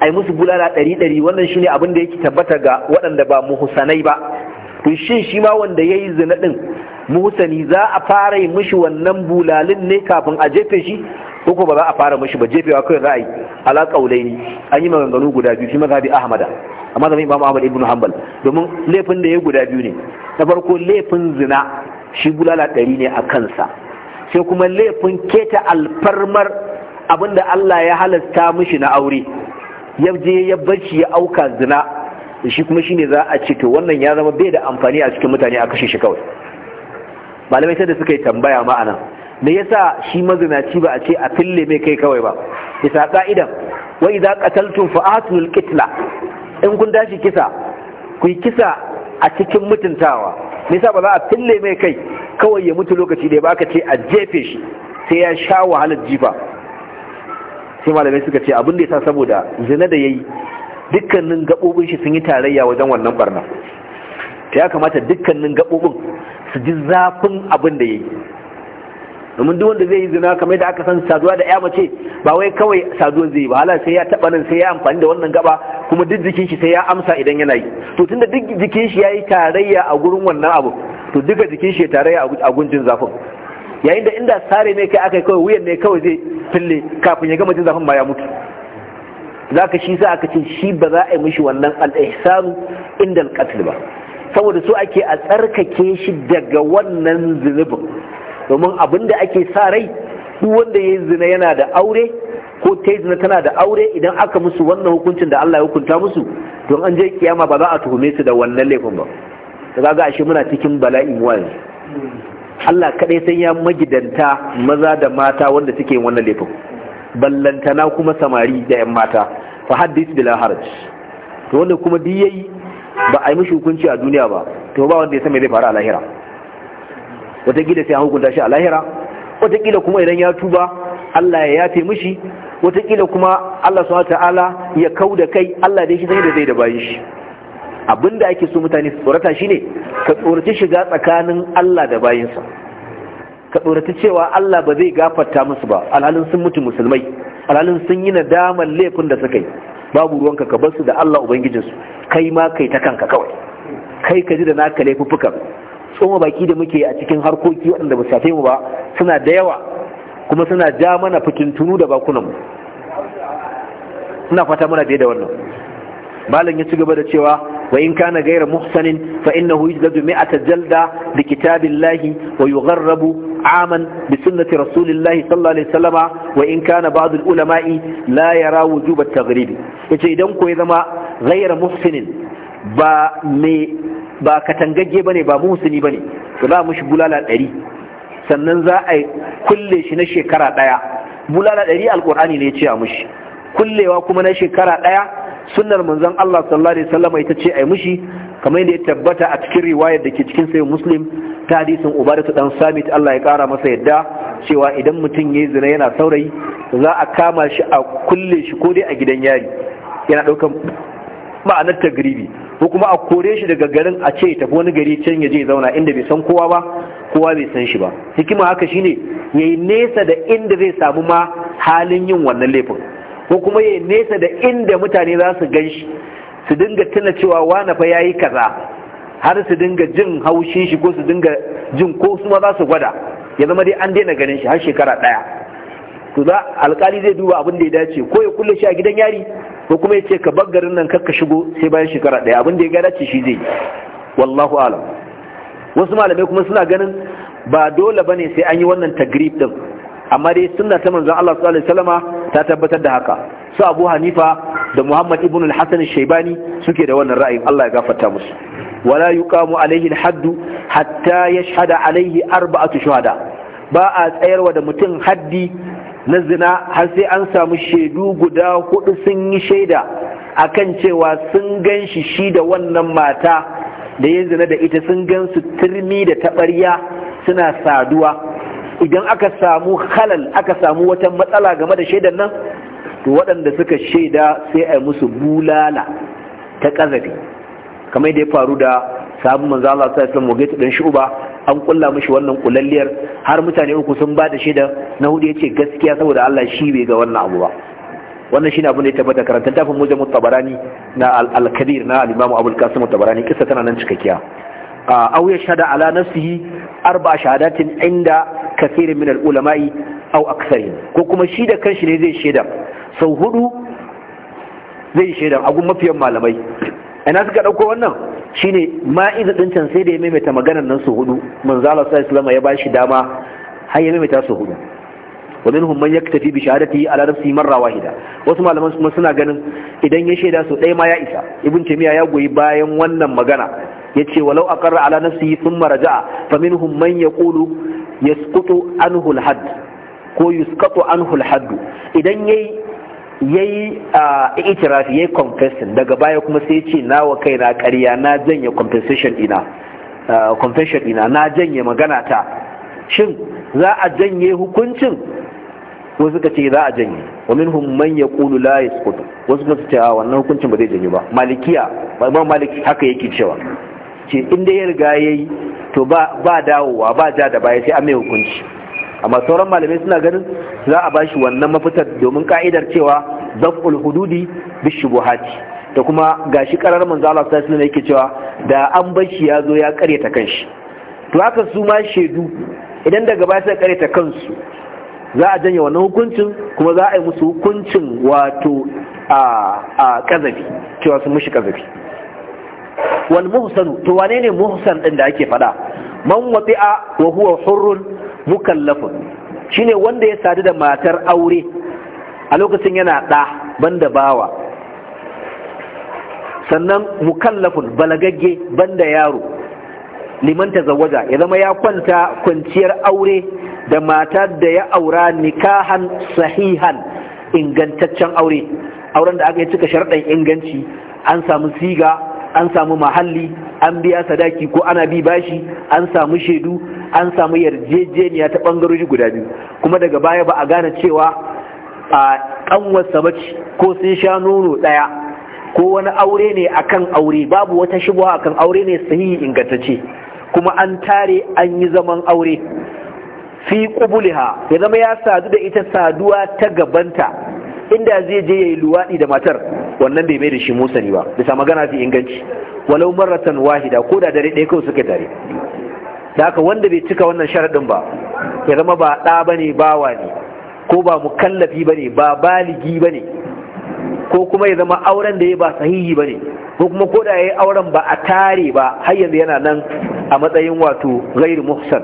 ai musu bulala ɗari ɗari wannan shine abin da yake tabbata ga waɗanda ba muhsanai ba to shin shi ma wanda yayi zina din muhsani za a fara yi mishi wannan bulalin ne kafin a jefe shi ko ko ba za a fara mishi ba jefewa kai ra'ayi ala qaulaini an yi maganganu guda biyu fi mazhabi ahmada amma zama imam ahmad ibn hanbal domin laifin da ya guda biyu ne na farko laifin zina shi bulala ɗari ne a kansa sai kuma laifin keta alfarmar abinda Allah ya halasta mishi na aure ya je ya barci ya auka zina shi kuma shine za a ce to wannan ya zama bai da amfani a cikin mutane a kashe shi kawai malamai sai da suka yi tambaya ma'ana me yasa shi mazinaci ba a ce a fille mai kai kawai ba bisa ka'idan wa idza qataltum fa'atul qitla in kun dashi kisa ku yi kisa a cikin mutuntawa me ba za a fille mai kai kawai ya mutu lokaci da ya baka ce a jefe shi sai ya sha wahalar jifa sai malamai suka ce abin da sa saboda zina da yayi dukkanin gabobin shi sun yi tarayya wajen wannan barna ta ya kamata dukkanin gabobin su ji zafin abin da yayi domin duk wanda zai yi zina kamar da aka san saduwa da ya mace ba wai kawai saduwa zai yi ba hala sai ya taba nan sai ya amfani da wannan gaba kuma duk jikin shi sai ya amsa idan yana yi to tunda duk jikin shi yayi tarayya a gurin wannan abu to duka jikin shi tarayya a gunjin zafin yayin da inda sare ne kai aka kawai wuyan ne kawai zai fille kafin ya gama jin zafin ba ya mutu zaka shi sa aka ce shi ba za a yi mishi wannan al ihsan inda al-qatl ba saboda so ake a tsarkake shi daga wannan zunubin domin abin da ake sa rai duk wanda ya zina yana da aure ko ta zina tana da aure idan aka musu wannan hukuncin da Allah ya hukunta musu don an je kiyama ba za a tuhume su da wannan laifin ba da ga ashe muna cikin bala'in wani Allah kadai sai ya magidanta maza da mata wanda suke yin wannan laifin ballantana kuma samari da yan mata fa haddis bila haraj to wanda kuma duk yayi ba a yi mishi hukunci a duniya ba to ba wanda ya san me zai faru a lahira watakila sai an hukunta shi a lahira watakila kuma idan ya tuba Allah ya yafe mishi watakila kuma Allah subhanahu ta'ala ya kau da kai Allah dai shi zai da zai da bayan shi abinda ake so mutane su tsorata shine ka tsoraci shiga tsakanin Allah da bayinsa ka tsoraci cewa Allah ba zai gafarta musu ba alhalin sun mutu musulmai alhalin sun yi nadaman laifin da suka yi babu ruwanka ka bar su da Allah ubangijinsu kai ma kai ta kanka kawai kai ka ji da naka laifuffukan tsoma baki da muke a cikin harkoki waɗanda ba shafe mu ba suna da yawa kuma suna ja mana fitintunu da bakunanmu suna fata mana fiye da wannan malam ya ci gaba da cewa wa in kana gaira muhsanin fa innahu yujladu mi'ata jalda bi kitabillahi wa yugharrabu عاما bi sunnati الله صلى الله عليه وسلم وإن كان بعض العلماء La yara وجوب التغريب يجي idan كو ya zama غير محسن ba مي ba katangagge bane ba muhsini bane to za shi bulala ɗari sannan za a kulle shi na shekara ɗaya bulala ɗari alƙur'ani ne ya ce a mushi kullewa kuma na shekara ɗaya sunnar manzon Allah sallallahu alaihi wasallam ita ce ai mushi kamar yadda ya tabbata a cikin riwayar da ke cikin sayyid muslim ta hadisin ubadatu dan samit Allah ya kara masa yadda cewa idan mutum yayi zina yana saurayi za a kama shi a kulle shi ko dai a gidan yari yana daukan ma'anar tagribi ko kuma a kore shi daga garin a ce tafi wani gari can ya je zauna inda bai san kowa ba kowa bai san shi ba hikima haka shine yi nesa da inda zai samu ma halin yin wannan laifin ko kuma ya yi nesa da inda mutane za su gan shi su dinga tuna cewa wani fa ya yi kaza har su dinga jin haushin shi ko su dinga jin ko su ma za su gwada ya zama dai an daina ganin shi har shekara daya to za alkali zai duba abin da ya dace ko ya kulle shi a gidan yari ko kuma ya ce ka bar garin nan kakka shigo sai bayan shekara ɗaya abin da ya gada dace shi zai wallahu alam wasu malamai kuma suna ganin ba dole bane sai an yi wannan tagrib din amma dai sunna ta manzon Allah sallallahu alaihi wasallama ta tabbatar da haka su Abu Hanifa da Muhammad ibn al-Hasan al-Shaybani suke da wannan ra'ayin Allah ya gafarta musu wala yuqamu alaihi al-hadd hatta yashhada alaihi arba'atu shuhada ba a tsayarwa da mutum haddi na zina har sai an samu shaidu guda hudu sun yi shaida A kan cewa sun gan shi shi da wannan mata da ya zina da ita sun gan su turmi da taɓarya suna saduwa idan aka samu halal aka samu wata matsala game da shaidan nan to waɗanda suka shaida sai a yi musu bulala ta ƙazafi kamar da ya faru da sabon manzo Allah sallallahu alaihi wasallam dan shuba an kulla mishi wannan kulalliyar har mutane uku sun ba da shaida na hudu ya ce gaskiya saboda Allah shi bai ga wannan abu ba wannan shine abin da ya tabbata karanta tafin mujam tabarani na al kabir na al-imam abul qasim tabarani kissa tana nan cikakkiya aw ya shada ala nafsihi arba shahadatin inda kathirin min al-ulama'i aw aktsari ko kuma shi da kanshi ne zai shaida sau hudu zai shaida a gun mafiyan malamai ina suka dauko wannan shi ne ma'iza ɗin can sai da ya maimaita maganar nan su hudu Manzala Allah sallallahu ya bashi dama har ya maimaita su hudu wa minhum man yaktafi ta yi ala nafsi marra wahida wasu malaman kuma suna ganin idan ya shaida su ɗaya ma ya isa ibn taymiya ya goyi bayan wannan magana yace walau aqarra ala nafsi thumma raja'a fa minhum man yaqulu yasqutu anhu al-hadd ko yusqatu anhu al-hadd idan yayi yayi itirafi yayi confession daga baya kuma sai ce na wa kaina ƙarya na janye compensation dina, confession dina na janye magana ta shin za a janye hukuncin wasu ka ce za a janye wa minhum man yaqulu la yasqut wasu ka ce a wannan hukuncin ba zai janye ba malikiya ba maliki haka yake cewa ce inda ya riga yayi to ba ba dawowa ba ja da baya sai a mai hukunci amma sauran malamai suna ganin za a bashi wannan mafitar domin ka'idar cewa zaful hududi bishubuhati da kuma gashi karar manzo Allah sallallahu alaihi yake cewa da an bashi ya zo ya karyata kanshi to haka su ma shedu idan daga baya kare karyata kansu za a janye wannan hukuncin kuma za a yi musu hukuncin wato a a kazafi cewa sun mushi kazafi wal muhsanu to wane ne muhsan din da ake fada man wati'a wa huwa hurrun shi ne wanda ya sadu da matar aure a lokacin yana ɗa banda bawa sannan mukallafin balagagge banda yaro liman tazawwaja ya zama ya kwanta kwanciyar aure da matar da ya aura nikahan sahihan ingantaccen aure auren da aka yi cika sharɗin inganci an samu siga an samu mahalli an biya sadaki ko ana bi bashi an samu shaidu an samu yarjejeniya ta ɓangarori guda biyu kuma daga baya ba a gane cewa a kanwarsa bace ko sun sha nono daya ko wani aure ne akan aure babu wata shubha akan aure ne sahihi ingantacce kuma an tare an yi zaman aure fi qubuliha ya zama ya sadu da ita saduwa ta gabanta inda zai je ya yi luwaɗi da matar wannan bai mai da shi musani ba bisa magana fi inganci walau maratan wahida ko da dare ɗaya kawai suka dare. da haka wanda bai cika wannan sharaɗin ba ya zama ba ɗa bane bawa ne ko ba mukallafi bane ba baligi bane ko kuma ya zama auren da ya ba sahihi bane ko kuma ko da ya yi auren ba a tare ba har yanzu yana nan a matsayin wato gairi muhsan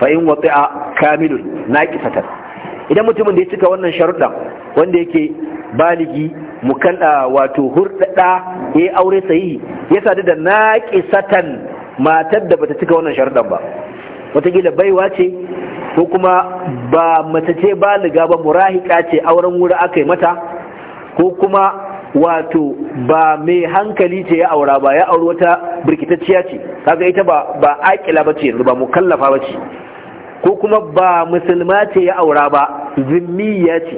fa in wati'a kamilun naqisatan idan mutumin da ya cika wannan sharuɗa wanda yake baligi kanɗa wato hurɗaɗa, ya yi aure sayi ya sadu da satan matar da bata cika wannan sharuɗan ba wataƙila baiwa ce ko kuma ba mace ce baliga ba murahika ce auren wuri aka yi mata ko kuma wato ba mai hankali ce ya aura ba ya auri wata birkitacciya ce kaga ita ba ba akila bace yanzu ba mukallafa bace ko kuma ba musulma ce ya aura ba zimmiya ce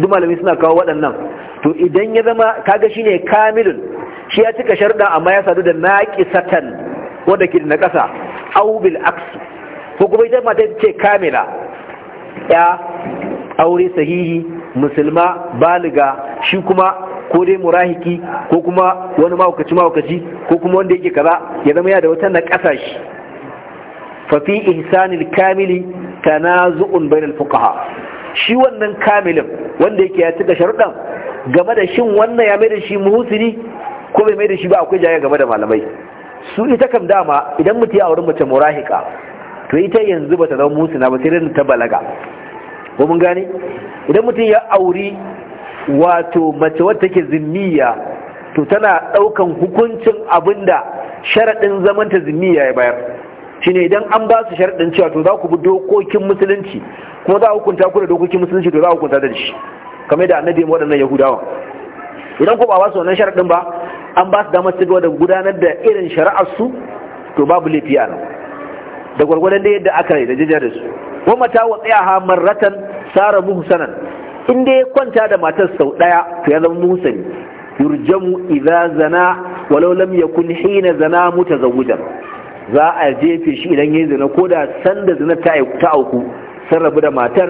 duk malami suna kawo waɗannan to idan ya zama kaga shine kamilun shi ya cika sharda amma ya sadu da naqisatan wanda ke na ƙasa aw bil aks ko kuma ita mata ce kamila ya aure sahihi musulma baliga shi kuma ko dai murahiki ko kuma wani mahaukaci mahaukaci ko kuma wanda yake kaza ya zama ya da wata na ƙasa shi ففي إحسان الكامل kamili بين الفقهاء شي wannan kamilin wanda yake ya tuka sharudan game da shin wannan ya mai da shi muhsini ko bai mai da shi ba akwai jaya game da malamai su ita kam dama idan mutum ya auri mace murahika to ita yanzu bata zama muhusina ba sai da ta balaga ko mun gane idan mutum ya auri wato mace wacce take zimmiya to tana daukan hukuncin abinda sharadin zamanta zimmiya ya bayar ne idan an ba su sharɗin cewa to za ku bi dokokin musulunci kuma za a hukunta ku da dokokin musulunci to za a hukunta da shi kamar da annabi mu waɗannan yahudawa idan ku ba wasu wannan sharɗin ba an ba su damar su da gudanar da irin shari'ar su to babu laifi a da gwargwadon da yadda aka yi da jijar da su wa mata wa tsayaha marratan sara muhsanan in dai kwanta da matar sau daya to ya zama muhsani yurjamu idza zana walau lam yakun hina zana mutazawwijan za a jefe shi idan yi zina ko da sanda zina ta auku sun rabu da matar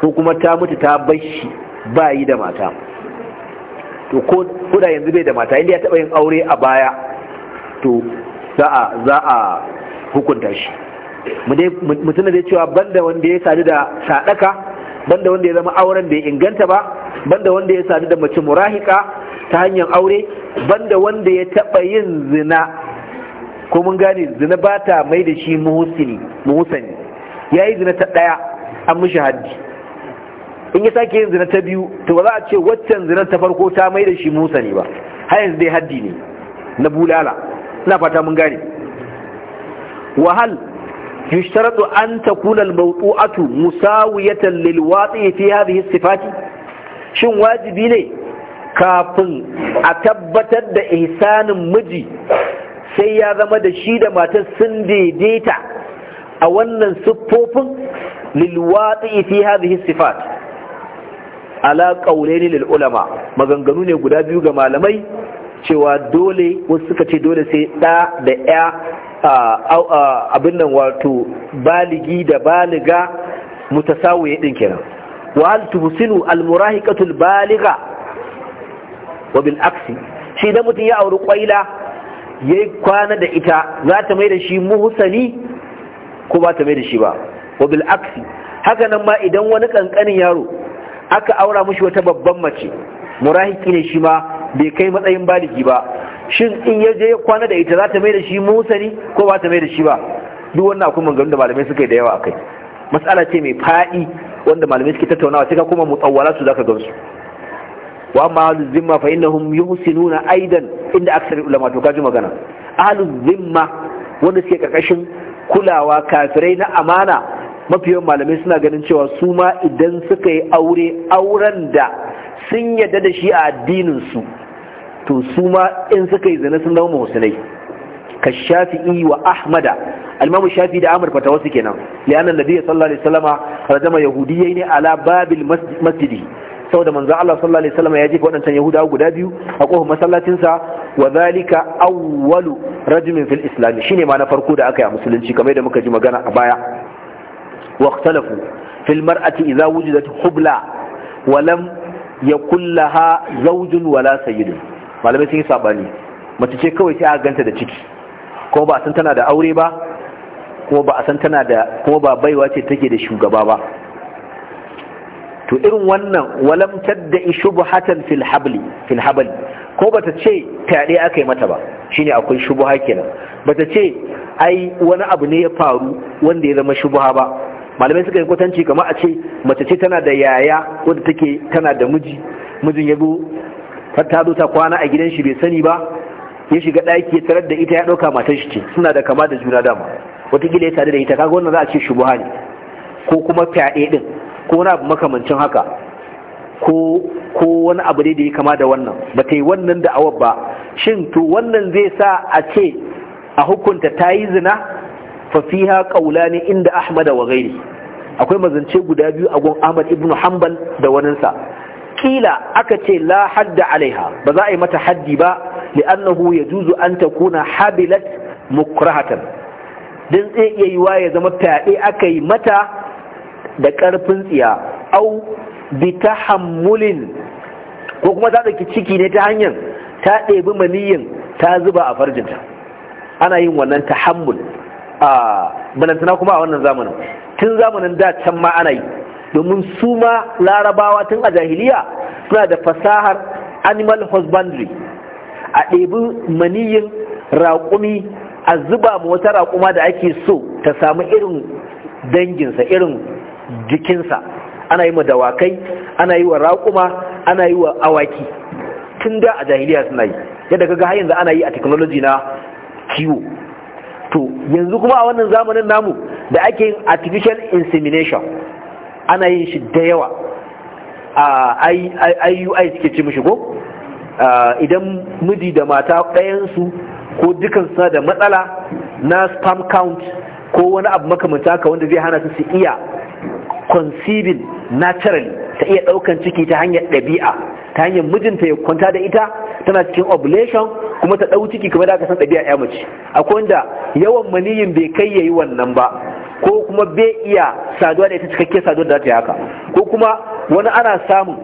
ko kuma ta mutu ta bai shi ba yi da mata to ko da yanzu bai da mata inda ya taba yin aure a baya to za a za a hukunta shi mutum da cewa banda wanda ya sadu da sadaka banda wanda ya zama auren bai inganta ba banda wanda ya sadu da mace murahika ta hanyar aure banda wanda ya taba yin zina ko mun gane zina ba ta mai da shi muhusini muhusani ya yi zina ta ɗaya an mishi haddi in ya sake yin zina ta biyu to ba za a ce waccan zina ta farko ta mai da shi muhusani ba har yanzu dai haddi ne na bulala ina fata mun gane wahal yushtaratu an takuna al-mawdu'atu musawiyatan lil wati fi hadhihi sifati shin wajibi ne kafin a tabbatar da ihsanin miji sai ya zama da shi da matar sun daidaita a wannan siffofin lilwati fi hadhihi sifat ala qawlaini lil ulama maganganu ne guda biyu ga malamai cewa dole wasu suka ce dole sai da da ya abin nan wato baligi da baliga mutasawiye din kenan wa hal tubsilu al murahiqatu al baliga wa bil aksi shi da mutum ya auri kwaila yayi kwana da ita za ta mai da shi muhusani ko ba ta mai da shi ba wa aksi ma idan wani kankanin yaro aka aura mashi wata babban mace murahiki ne shi ma bai kai matsayin baligi ba shin in ya je kwana da ita za ta mai da shi muhusani ko ba ta mai da shi ba duk wannan akwai maganganun da malamai suka yi da yawa akai matsala ce mai faɗi wanda malamai suke tattaunawa sai ka kuma mutsawwala su zaka gamsu wa amma ahlul zimma fa innahum yuhsinuna aidan inda aksari ulama to kaji magana ahlul zimma wanda suke karkashin kulawa kafirai na amana mafiyan malamai suna ganin cewa su ma idan suka yi aure auren da sun yadda da shi a addinin su to su ma in suka yi zina sun zama musulai ka shafi'i wa ahmada al shafi da amur fatawa su kenan li'anna nabiyyi sallallahu alaihi wasallama rajama yahudiyai ne ala babil masjidi saboda manzo Allah sallallahu alaihi wasallam ya jefa waɗancan Yahuda guda biyu a kofar masallacin sa wa zalika awwalu rajulin fil islam shine ma na farko da aka yi a musulunci kamar yadda muka ji magana a baya wa ikhtalafu fil mar'ati idza wujidat hubla wa lam yakul laha zawjun wala sayyidun malamai sun yi sabani mace ce kawai sai a ganta da ciki kuma ba a san tana da aure ba kuma ba a san tana da kuma ba baiwa ce take da shugaba ba to irin wannan walam tadda shubhatan fil habli fil habli ko bata ce fyaɗe aka yi mata ba shine akwai shubha kenan bata ce ai wani abu ne ya faru wanda ya zama shubha ba malamai suka yi kwatanci kamar a ce mace ce tana da yaya wanda take tana da miji mijin ya zo ta zo ta kwana a gidan shi bai sani ba ya shiga ɗaki ya tarar da ita ya ɗauka matar shi ce suna da kama da juna dama wata ya tare da ita kaga wannan za a ce shubha ne ko kuma fyaɗe ɗin ko wani abu makamancin haka ko wani abu ne da ya kama da wannan ba ta yi wannan da da'awar ba shin to wannan zai sa a ce a hukunta ta yi zina fa fiha ne inda ahmad wa gairi akwai mazance guda biyu a gun ahmad ibn hanbal da waninsa Ƙila aka ce la hadda alaiha ba za a yi mata haddi ba li'annahu juzu an ta kuna habilat mukrahatan dan zai iya yiwa ya zama fyaɗe aka yi mata da ƙarfin tsiya au bi ta hamulin ko kuma ta ɗauki ciki ne ta hanyar ta ɗebi maniyin ta zuba a farjinta ana yin wannan ta hamul a balantana kuma a wannan zamanin tun zamanin da can ma ana yi domin su ma larabawa tun a jahiliya suna da fasahar animal husbandry a ɗebi maniyin raƙumi a zuba ma wata raƙuma da ake so ta samu irin danginsa irin jikinsa ana yi ma dawakai ana yi wa raƙuma ana yi wa awaki tun da a jahiliya suna yi yadda kaga har yanzu ana yi a teknoloji na kiwo to yanzu kuma a wannan zamanin namu da ake yin artificial insemination ana yin shi da yawa a IUI suke ce mashi ko idan miji da mata ɗayansu ko dukansu da matsala na spam count ko wani abu makamanta ka wanda zai hana su su iya conceiving naturally ta iya ɗaukan ciki ta hanyar ɗabi'a ta hanyar mijinta ya kwanta da ita tana cikin ovulation kuma ta ɗau ciki kuma da aka san ɗabi'a ya mace akwai wanda yawan maniyin bai kai yayi wannan ba ko kuma bai iya saduwa da ita cikakke saduwa da ta haka ko kuma wani ana samun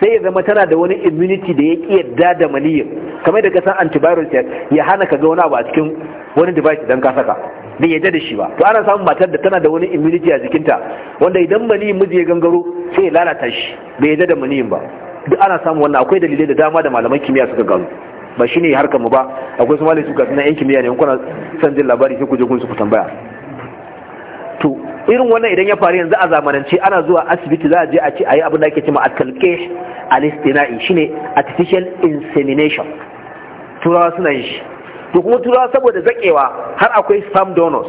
sai ya zama tana da wani immunity da ya ƙi yadda da maniyin kamar da ka san antivirus ya hana ka ga wani abu a cikin wani device idan ka saka bai yadda da shi ba to ana samun matar da tana da wani immunity a jikinta wanda idan maniyin miji ya gangaro sai ya lalata shi bai yadda da maniyin ba duk ana samun wannan akwai dalilai da dama da malaman kimiyya suka gano ba shine harkar mu ba akwai su malai suka suna yan kimiyya ne kuna son jin labari sai ku je kun su ku tambaya to irin wannan idan ya faru yanzu a zamanance ana zuwa asibiti za a je a ce ayi abin da ake cewa at-talqih shine artificial insemination turawa suna yin shi to kuma turawa saboda zakewa har akwai sperm donors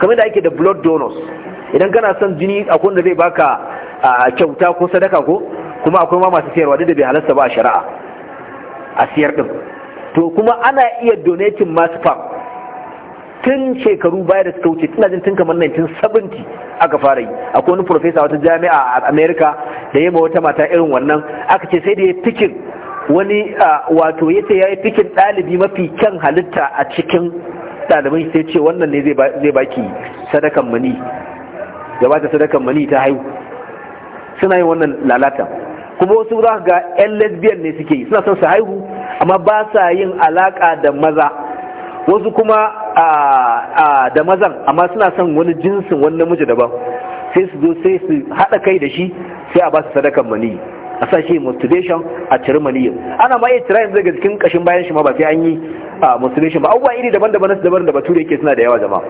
kamar da ake da blood donors idan kana son jini akwai da zai baka kyauta ko sadaka ko kuma akwai ma masu sayarwa da bai halasta ba a shari'a a siyar din to kuma ana iya donating ma sperm tun shekaru baya da suka wuce tun jin tun kamar 1970 aka fara yi akwai wani profesa wata jami'a a america da yamma wata mata irin wannan aka ce sai da ya tikin wani wato ya ce ya yi fikin ɗalibi mafi kyan halitta a cikin ɗalibai sai ce wannan ne zai baki sadakan mani ya bata sadakan mani ta haihu suna yin wannan lalata kuma wasu za ga 'yan lesbian ne suke yi suna son su haihu amma ba sa yin alaka da maza wasu kuma da mazan amma suna son wani jinsin wani namiji daban sai su zo sai su haɗa kai da shi sai a ba su sadakan mani a sa shi a cire maniyin ana ma iya tirayin daga cikin kashin bayan shi ma ba sai an yi motivation ba abubuwa iri daban-daban nasu daban da bature yake suna da yawa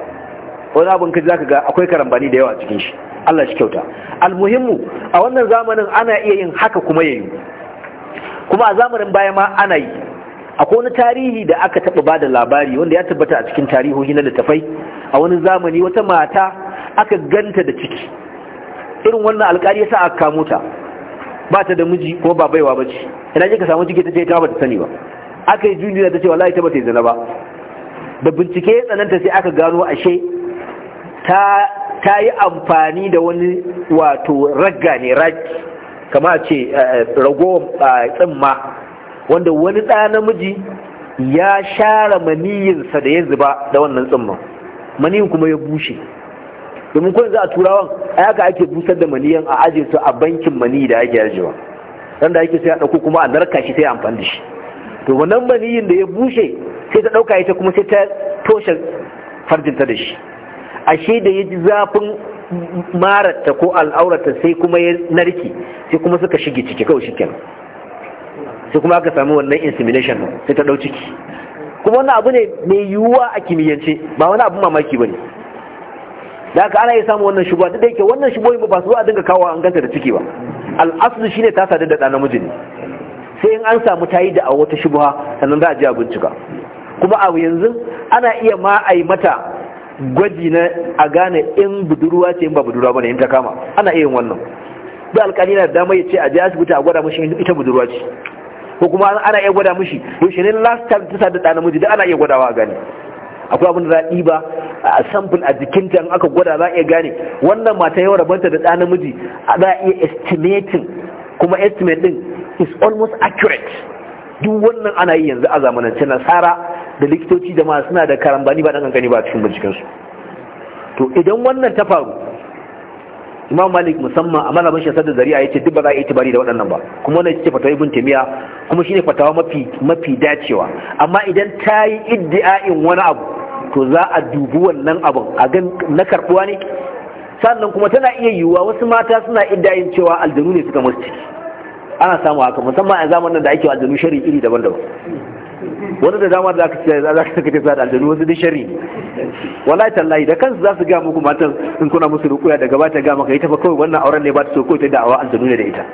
A wani abin kaji zaka ga akwai karambani da yawa a cikin shi Allah shi kyauta almuhimmu a wannan zamanin ana iya yin haka kuma yayi kuma a zamanin baya ma ana yi akwai wani tarihi da aka taɓa ba da labari wanda ya tabbata a cikin tarihohi na littafai a wani zamani wata mata aka ganta da ciki irin wannan alƙali ya sa aka kamo ta ba ta da miji ko ba baiwa ba ce ina ka samu ciki ta ce ta ba ta sani ba aka yi juniya ta ce wallahi ta ba yi zina ba da bincike tsananta sai aka gano ashe ta ta yi amfani da wani wato ragga ne raki kama ce eh, eh, rago eh, tsimma wanda wani ɗa namiji ya share maniyinsa da ya zuba da wannan tsimma. maniyin kuma ya bushe domin ko za a turawan a yaka ake busar da maniyan a ajinsu su a bankin mani da ake ajewa dan da ake sai a dauko kuma a narka shi sai a amfani da shi to wannan maniyin da ya bushe sai ta dauka ita kuma sai ta toshe farjinta da shi ashe da ya ji zafin mararta ko al'aurata sai kuma ya narki sai kuma suka shige ciki kawai shi kenan sai kuma aka samu wannan insemination sai ta dau ciki kuma wannan abu ne mai yiwuwa a kimiyyance ba wani abu mamaki ba ne da aka ana iya samun wannan shubuha a da yake wannan shubuhoyin ba su a dinga kawo an ganta da ciki ba shi ne ta sadu da ɗan namiji ne sai in an samu tayi da a wata ha, sannan za a je a bincika kuma a yanzu ana iya ma a yi mata gwaji na a gane in budurwa ce in ba budurwa ne in ta kama ana iya yin wannan da alƙali na da dama ya ce a je asibiti a gwada mashi ita budurwa ce ko kuma ana iya gwada mashi shi ne last time ta sadu da ɗan namiji duk ana iya gwadawa a gane akwai abin da za a ɗiba a sample a jikinta in aka gwada za a iya gane wannan mata yawan rabanta da ɗa namiji za a iya estimating kuma estimate din is almost accurate duk wannan ana yi yanzu a zamanance nasara da likitoci da masu suna da karambani ba dan kankani ba cikin su, to idan wannan ta faru imam malik musamman a malamin shi da zari'a yace duk ba za a yi tibari da waɗannan ba kuma wannan ce fatawa ibn taymiya kuma shine fatawa mafi mafi dacewa amma idan ta yi iddi'a'in wani abu to za a dubi wannan abin a gan na karbuwa ne sannan kuma tana iya yiwuwa wasu mata suna yin cewa aljanu ne suka musu ciki ana samu haka musamman a zamanin da ake aljanu shari'a iri daban-daban wani da dama da aka ce za ka kace da aljanu wasu da shari wallahi tallahi da kansu za su ga muku matan in kuna musu rukuya daga ba ta ga maka ita fa kawai wannan auren ne ba ta so ko ta da'awa aljanu ne da ita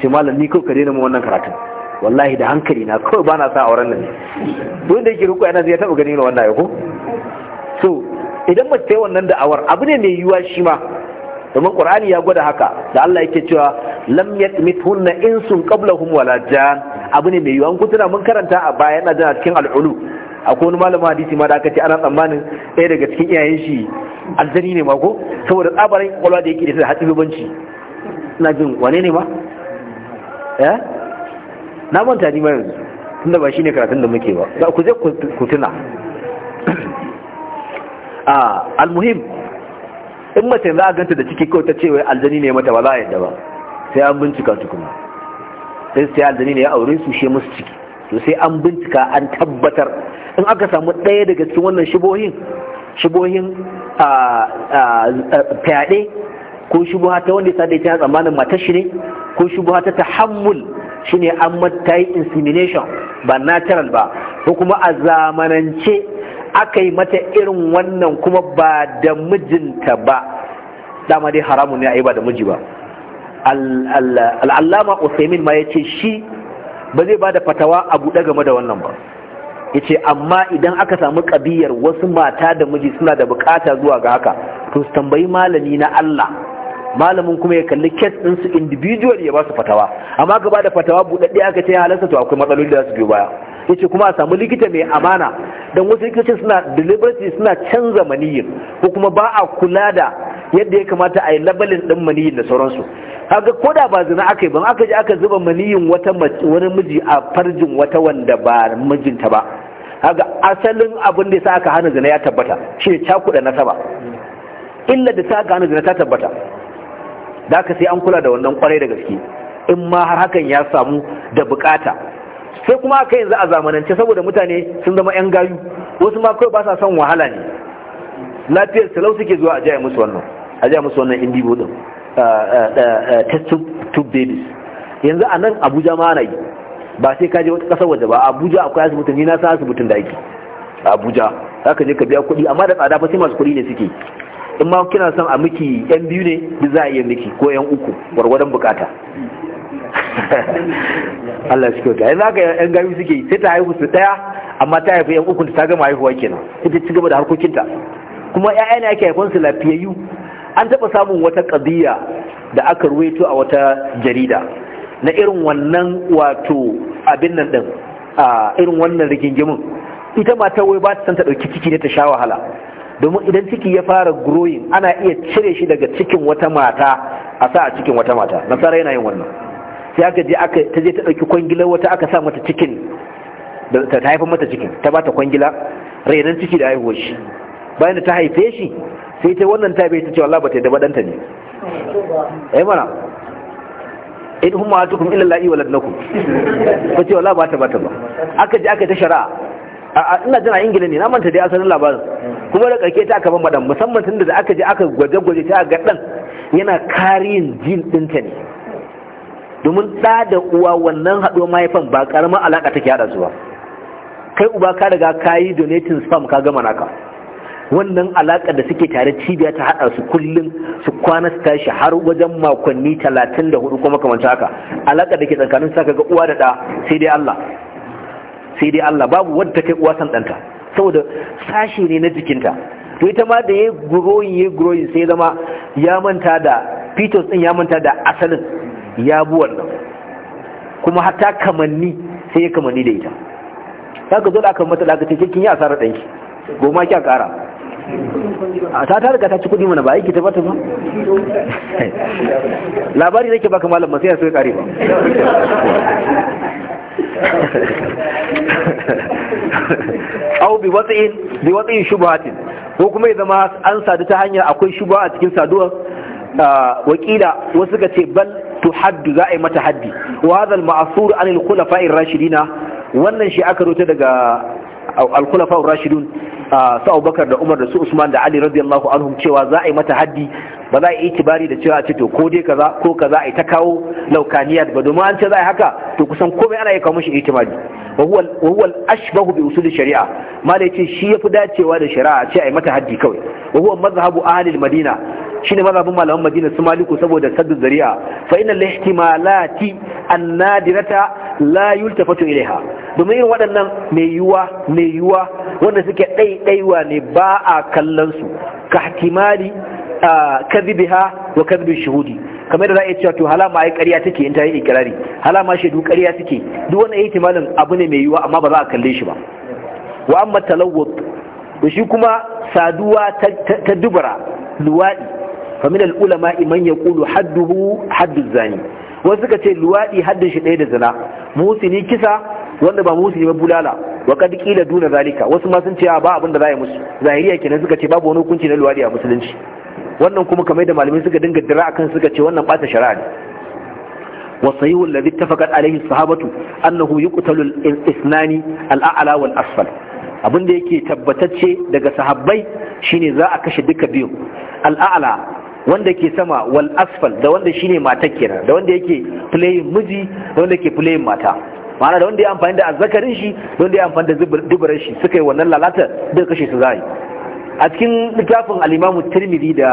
ce malam ni kawai ka daina mu wannan karatun wallahi da hankali na kawai ba na sa auren nan ne wanda yake rukuya na zai taɓa ganin wannan ya ko to idan mace ta yi wannan da'awar abu ne mai yiwuwa shi ma domin qur'ani ya gwada haka da Allah yake cewa lam yatmithunna insun qablahum wala jan abu ne mai yiwuwa kun tuna mun karanta a baya yana da cikin al'ulu akwai wani malamin hadisi ma da aka ce ana tsammanin ɗaya daga cikin iyayen shi aljani ne ma ko saboda tsabarin kwalwa da yake da ta hatsi banci na jin wane ne ma eh na manta ni ma yanzu tunda ba shine karatun da muke ba ku je ku tuna a almuhim in mace za a ganta da ciki ko ta ce wai aljani ne mata ba za a yadda ba sai an bincika kuma sai sai aljani ne ya aure su shi musu ciki to sai an bincika an tabbatar in aka samu ɗaya daga cikin wannan shibohin shibohin fyaɗe ko shubuha ta wanda ya ita tsammanin matar shi ne ko shubuha ta tahammul shine an mata yi insemination ba natural ba ko kuma a zamanance aka yi mata irin wannan kuma ba da mijinta ba dama dai haramun ne a yi ba da miji ba al'allama usaimin ma ya ce shi ba zai ba da fatawa a buɗe game da wannan ba ya ce amma idan aka samu ƙabiyar wasu mata da miji suna da bukata zuwa ga haka to su tambayi malami na Allah malamin kuma ya kalli kes din su individual ya ba su fatawa amma gaba da fatawa buɗaɗɗe aka ce halarsa to akwai matsaloli da za su biyo baya ce kuma a samu likita mai amana don wasu likitocin suna deliberately suna canza maniyin ko kuma ba a kula da yadda ya kamata a yi labalin ɗin maniyin da sauransu haka ko da ba zina aka yi ban aka je aka zuba maniyin wata wani miji a farjin wata wanda ba mijinta ba haka asalin abin da sa aka hana zina ya tabbata shi ne cakuɗa nasaba illa da ta hana zina ta tabbata da aka sai an kula da wannan kwarai da gaske in ma har hakan ya samu da bukata sai kuma aka yanzu a zamanance saboda mutane sun zama yan gayu wasu ma kawai ba sa son wahala ne lafiyar talau suke zuwa a jaya musu wannan a jaya musu wannan indigo din test tube babies yanzu a nan abuja ma ana yi ba sai kaje wata kasar waje ba abuja akwai asibitin ni na san asibitin da ake abuja za ka je ka biya kuɗi amma da tsada fa sai masu kuɗi ne suke in ma kina son a miki yan biyu ne duk za a iya miki ko yan uku gwargwadon bukata Allah shi kyauta yanzu haka yan gami suke sai ta haihu su daya amma ta haifi yan ukun ta gama haihuwa kenan ita ci gaba da harkokinta kuma ƴaƴa ne ake haifansu lafiyayyu an taɓa samun wata ƙadiyya da aka ruwaito a wata jarida na irin wannan wato abin nan ɗin a irin wannan rigingimin ita ta wai ba ta san ta ɗauki ciki ne ta sha wahala domin idan ciki ya fara growing ana iya cire shi daga cikin wata mata a sa a cikin wata mata nasara yana yin wannan sai aka je aka ta je ta dauki kwangilar wata aka sa mata cikin ta haifa mata cikin ta bata kwangila rainan ciki da haihuwar shi bayan da ta haife shi sai ta wannan ta bai ta ce wallahi bata da badanta ne eh mana in huma kuma illa la'i waladnakum ta ce wallahi bata bata ba aka je aka ta shari'a ina jira ingila ne na manta dai asalin labarin kuma da karke ta aka ban madan musamman tun da aka je aka gwaje-gwaje ta ga dan yana kariyin jin dinta ne domin ɗa da uwa wannan haɗo mahaifan ba ƙaramin alaƙa take haɗa su ba kai uba ka riga ka yi donating spam ka gama naka wannan alaƙa da suke tare cibiya ta haɗa su kullum su kwana su tashi har wajen makonni talatin da hudu kuma kamar haka alaƙa da ke tsakanin sa ga uwa da ɗa sai dai Allah sai dai Allah babu wadda kai uwa san ɗanta saboda sashi ne na jikinta to ita ma da ya growing ya growing sai zama ya manta da fetus din ya manta da asalin ya bu wannan kuma hata kamanni sai ya kamanni da ita ta ka zo da aka mata da aka ce cikin ya asarar ɗanki goma kya kara a ta ta riga ta ci kuɗi mana ba aiki tabbata ba labari nake baka malam ba sai ya so ya ba au bi watsin bi watsin shubhatin ko kuma ya zama an sadu ta hanyar akwai shubha a cikin saduwar wakila wasu ka ce bal haddu za a yi mata haddi wa zal ma'asur an al-khulafa ar-rashidina wannan shi aka rota daga al-khulafa ar-rashidun su Abubakar da Umar da su Usman da Ali radiyallahu anhum cewa za a yi mata haddi ba za a yi itibari da cewa ce to ko dai kaza ko kaza a yi ta kawo laukaniyat ba domin an ce za a yi haka to kusan komai ana yi kawo mishi itibari wa huwa al-ashbahu bi usul shari'a malai ce shi yafi dacewa da shari'a ce a yi mata haddi kawai wa huwa mazhabu ahli al-madina shine mazhabin malaman madina su maliku saboda saddu zari'a fa inal ihtimalati annadirata la yultafatu ilaiha domin irin waɗannan mai yuwa mai yuwa wanda suke ɗaiɗaiwa ne ba a kallon su ka ihtimali kadhibiha wa kadhibi shuhudi kamar da za a iya cewa to halama ai ƙarya take in ta yi ikirari halama shaidu ƙarya suke duk wani ihtimalin abu ne mai yuwa amma ba za a kalle shi ba wa amma talawwut shi kuma saduwa ta dubara luwaɗi fa min al-ulama man yaqulu hadduhu haddu zani wasu suka ce luwadi haddin shi ɗaya da zina musini kisa wanda ba ni ba bulala wa kad qila duna zalika wasu ma sun ce ba abin da za yi musu zahiriya kenan suka ce babu wani hukunci na luwadi a musulunci wannan kuma kamar da malamai suka dinga dira akan suka ce wannan bata shari'a ne والصحيح sahabatu annahu عليه الصحابة أنه يقتل الإثنان wal والأسفل abin da yake tabbatacce daga sahabbai shine za a kashe duka biyu al'a'la wanda ke sama wal asfal da wanda shine mata kenan da wanda yake playing miji da wanda yake playing mata ma'ana da wanda ya amfani da azzakarin shi da wanda ya amfani da dubarar shi suka yi wannan lalata da kashe su zai a cikin littafin al-Imam Tirmidhi da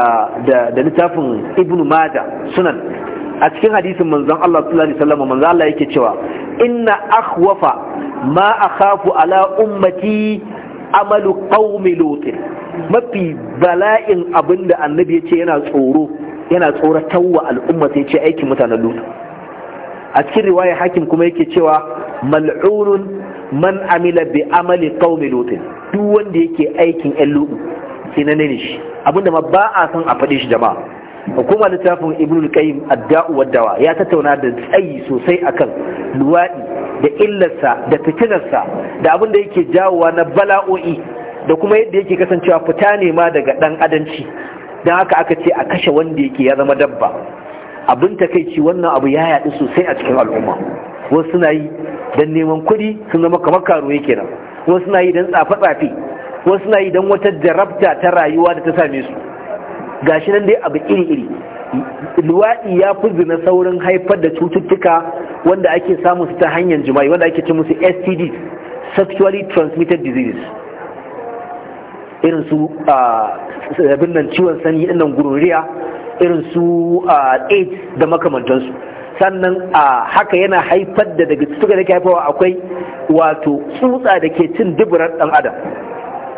da littafin Ibn Majah sunan a cikin hadisin manzon Allah sallallahu alaihi wasallam manzon Allah yake cewa inna akhwafa ma akhafu ala ummati amalu qaumi lut mafi bala'in abinda annabi yace yana tsoro yana tsoratar wa al'umma sai yace aikin mutanen lut a cikin riwaya hakim kuma yake cewa mal'unun man amila bi amali qaumi lut duk wanda yake aikin ƴan lut sai na ne shi abinda ma ba a san a faɗe shi jama'a kuma littafin ibn al-qayyim ad wad-dawa ya tattauna da tsayi sosai akan luwadi da illarsa da fitinarsa da abin da yake jawowa na bala'o'i da kuma yadda yake kasancewa fita ne ma daga dan adanci dan haka aka ce a kashe wanda yake ya zama dabba abin takeici wannan abu ya yaɗu sosai a cikin al'umma wasu suna yi dan neman kuɗi sun zama kamar yake kenan wasu suna yi don tsafe-tsafe wasu suna yi don wata jarabta ta rayuwa da ta same su gashi nan dai abu iri-iri luwaɗi ya fi na saurin haifar da cututtuka wanda ake samun su ta hanyar jima'i wanda ake ce musu std sexually transmitted diseases irin su abin nan ciwon sanyi nan gururiya irin su aids da makamantansu sannan a haka yana haifar da daga cututtuka da ke haifawa akwai wato tsutsa da ke cin duburar ɗan adam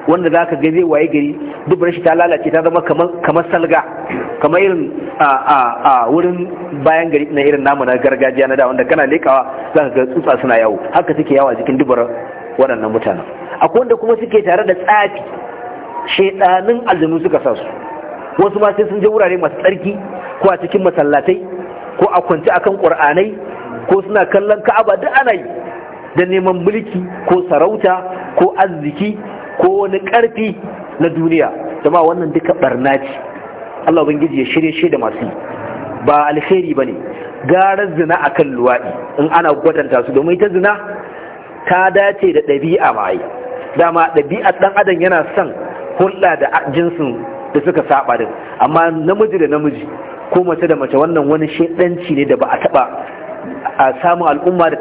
wanda za ka zai waye gari duk shi ta lalace ta zama kamar salga kamar irin a wurin bayan gari na irin namu na gargajiya na da wanda kana lekawa za ka ga tsutsa suna yawo haka suke yawa jikin dubar waɗannan mutanen akwai wanda kuma suke tare da tsafi shaidanin aljanu suka sa su wasu ma sai sun je wurare masu tsarki ko a cikin masallatai ko a kwance akan ƙur'anai ko suna kallon ka'aba duk ana yi da neman mulki ko sarauta ko arziki ko wani ƙarfi na duniya jama wannan duka barna ce Allah ubangiji ya shirye shi da masu ba alheri ba ne gara zina a kan luwaɗi in ana gwatanta su domin ita zina ta dace da ɗabi'a ma dama ɗabi'ar ɗan adam yana son hulɗa da jinsin da suka saba din amma namiji da namiji ko mace da mace wannan wani shaidanci ne da ba a taɓa a samun al'umma da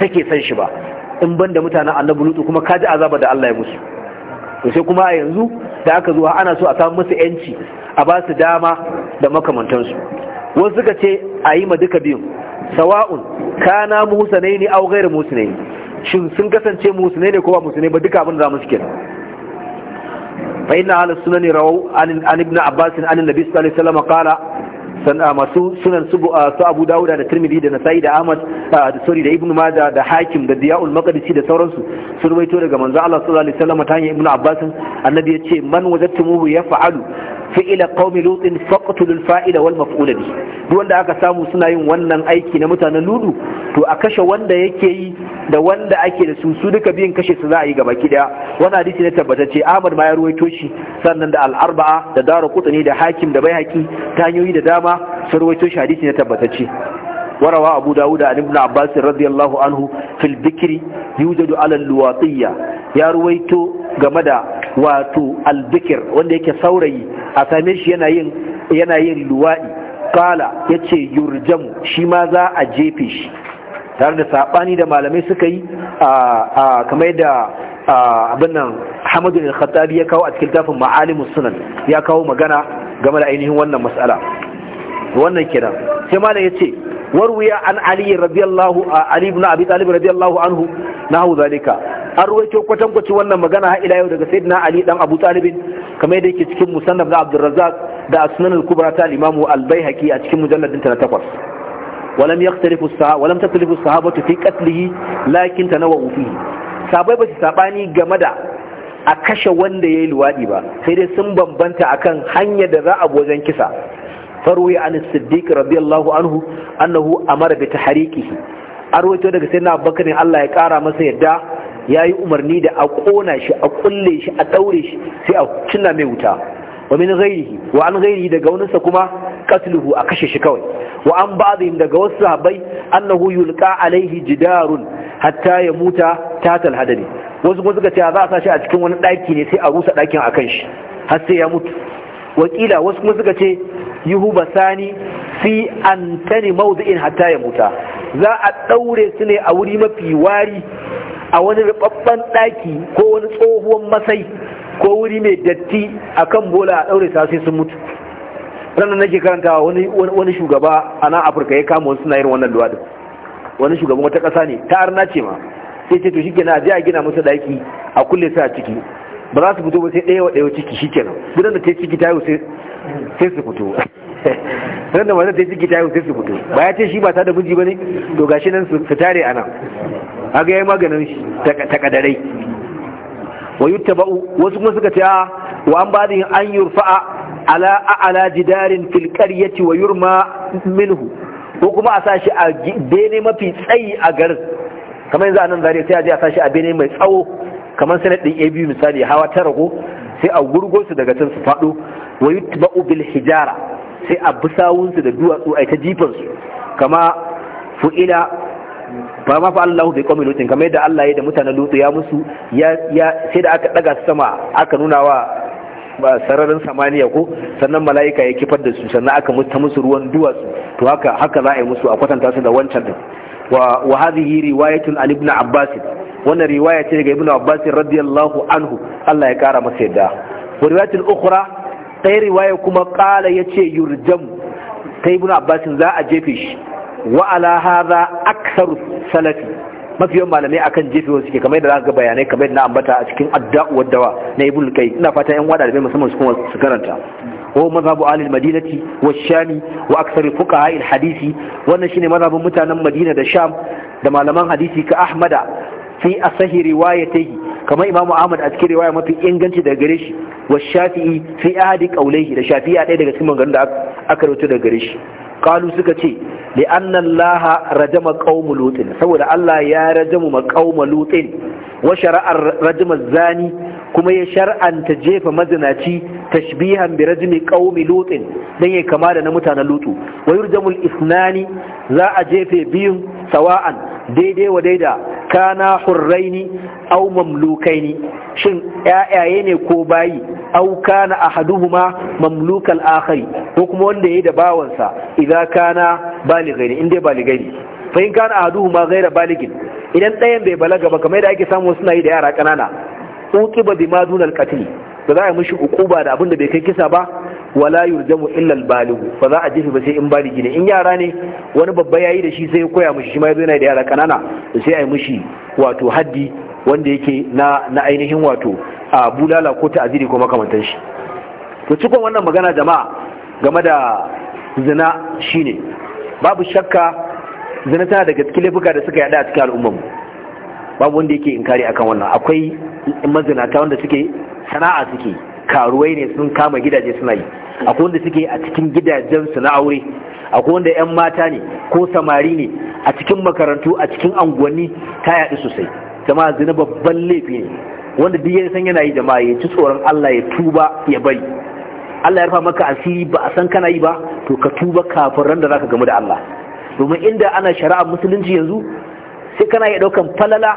take son shi ba in ban da mutanen annabi lutu kuma kaji ji da Allah ya musu to sai kuma a yanzu da aka zo ana so a samu musu yanci a ba su dama da makamantansu wasu suka ce a yi ma duka biyun sawa'un kana na ne au ghairu musanai shin sun kasance musanai ne ko ba musanai ba duka abin da mu suke fa inna ahlus sunani rawu an ibn abbas an annabi sallallahu alaihi wasallam qala sannan masu sunan su abu dawuda da tirmidhi da nasa'i da ahmad da sori da ibnu maja da hakim da diya'ul maqdisi da sauransu sun waito daga manzo Allah sallallahu alaihi wasallam ta hanyar ibnu abbas annabi ya ce man ya yaf'alu fi'ila qaumi lutin faqtulul fa'ila wal maf'ul bi duk wanda aka samu suna yin wannan aiki na mutanen ludu to a kashe wanda yake yi da wanda ake da su su duka biyan kashe su za a yi gaba ki daya wannan hadisi ne tabbatacce Ahmad ma ya ruwaito shi sannan da al-arba'a da Daru Qutni da Hakim da Baihaqi ta hanyoyi da dama Su ruwaito shi hadisi ne tabbatacce وروى أبو داود عن ابن عباس رضي الله عنه في البكر يوجد على اللواطية يا رويت game da wato albikir wanda yake saurayi a same shi yana yin luwaɗi. yin luwadi kala yace yurjamu shi ma za a jefe shi tare da saɓani da malamai suka yi a kamar da abin nan Hamadu al-Khattabi ya kawo a cikin tafin Ma'alimus Sunan ya kawo magana game da ainihin wannan mas'ala wannan kenan sai malam yace warwiya an Ali radiyallahu Ali ibn Abi Talib radiyallahu anhu nahu zalika an ruwaito kwatankwaci wannan magana har ila yau daga sayyidina ali dan abu talibin kamar yadda yake cikin musannaf na abdurrazzaq da asnanul kubra ta imamu al a cikin mujalladin 38 takwas walam yakhtalifu as-sahaba walam tatlifu as-sahabatu fi qatlihi lakin tanawwu fihi sabai ba su sabani game da a kashe wanda yayi luwadi ba sai dai sun bambanta akan hanya da za a wajen kisa faruwa an siddiq radiyallahu anhu annahu amara bi tahriqihi arwato daga sayyidina abubakar Allah ya kara masa yadda ya yi umarni da a ƙona shi a ƙulle shi a ɗaure shi sai a cinna mai wuta wa min ghairihi wa an ghairihi daga sa kuma qatluhu a kashe shi kawai wa an ba'dhum daga wasu sahabbai annahu yulqa alaihi jidarun hatta ya muta tatal hadari wasu kuma suka ce za a sa shi a cikin wani ɗaki ne sai a rusa ɗakin a kan shi har sai ya mutu wakila wasu kuma suka ce yuhu basani fi tani mawdi'in hatta ya muta za a ɗaure su ne a wuri mafi wari a wani rubabban daki ko wani tsohuwan masai ko wuri mai datti a kan bola a daure sai sun mutu ranar nake karantawa wani wani shugaba a nan Afirka ya kama wasu suna yin wannan luwadin wani shugaban wata ƙasa ne ta arna ce ma sai ce to shikenan a je a gina musu daki a kulle su a ciki ba za su fito ba sai ɗaya wa ɗaya ciki shikenan gidan da ta yi ciki ta yi sai su fito sannan da ta yi ciki ta yi sai su fito ba ya ce shi ba ta da miji ba ne to gashi nan su tare a nan ga yi maganin shi takadarai wa ba'u, wasu kuma suka ce a wa an yin an yurfa'a ala ala jidarin ya ci wa yurma minhu ko kuma a sashi a bene mafi tsayi a garin kamar yanzu a nan zariya sai a je a sashi a bene mai tsawo kamar sanadin ɗin AB misali hawa ta rago sai a gurgo su daga can su fado wa ba'u bil hijara sai a bi sawunsu da duwatsu a ta jifan su kama fu'ila fa ma fa Allahu bi qawmi lutin kamar yadda Allah ya da mutanen lutu ya musu ya sai da aka daga sama aka nuna wa sararin samaniya ko sannan mala'ika ya kifar da su sannan aka musta musu ruwan duwatsu to haka haka za a yi musu a kwatanta su da wancan din wa wa hadhihi riwayatun al ibn abbas wannan riwaya ce daga ibn abbas radiyallahu anhu Allah ya kara masa yadda wa riwayatul ukhra tayi riwaya kuma qala yace yurjam ta ibn abbas za a jefe shi wa ala hadha aktharu salafi mafiyan malamai akan jefewa suke kamar da za ga bayanai kamar na ambata a cikin adda'u wadawa na ibul kai ina fatan yan wada da musamman su kuma su karanta ko mazhabu ahli madinati wa shami wa aksar fuqaha al hadisi wannan shine mazhabin mutanen madina da sham da malaman hadisi ka ahmada fi asahi riwayatihi kamar imamu ahmad a cikin riwaya mafi inganci daga gare shi wa shafi'i fi ahadi qawlihi da shafi'i a ɗaya daga cikin maganganun da aka rubuta daga gare shi Kalu suka ce li anna allaha rajama qaum lutin saboda allah ya rajamu ma qaum lutin wa shar'a rajma zani kuma ya shar'anta jefa mazinaci tashbihan bi rajmi qaumi lutin dan yayi kama da na mutanen lutu wa yurjamul isnani za a jefe biyun sawa'an daidai wa daida kana hurraini au mamlukaini shin yayaye ne ko bayi au kana ahaduhuma mamlukal akhari ko kuma wanda yayi da bawansa idza kana baligaini inda baligaini fa in kana ahaduhuma ghaira baligin idan ɗayan bai balaga ba kamar da ake samu suna yi da yara kanana uqiba bima dunal qatl ba za a mishi uquba da abin da bai kai kisa ba wala yurjamu illa albaligu ba za a jefe ba sai in baligi ne in yara ne wani babba yayi da shi sai ya koya mishi shi ma yana da yara kanana sai ai mishi wato haddi wanda yake na na ainihin wato a bulala ko ta'aziri ko makamantan shi to cikon wannan magana jama'a game da zina shine babu shakka zina tana daga cikin laifuka da suka yada a cikin al'ummar babu wanda yake inkari akan wannan akwai mazinata wanda suke sana'a suke karuwai ne sun kama gidaje suna yi akwai wanda suke a cikin gidajen su na aure akwai wanda 'yan mata ne ko samari ne a cikin makarantu a cikin unguwanni ta yaɗu sosai jama'a zina babban laifi ne wanda duk san yana yi jama'a ya ci tsoron Allah ya tuba ya bari Allah ya rufa maka asiri ba a san kana yi ba to ka tuba kafin ran da zaka gamu da Allah domin inda ana shari'a musulunci yanzu sai kana iya daukan falala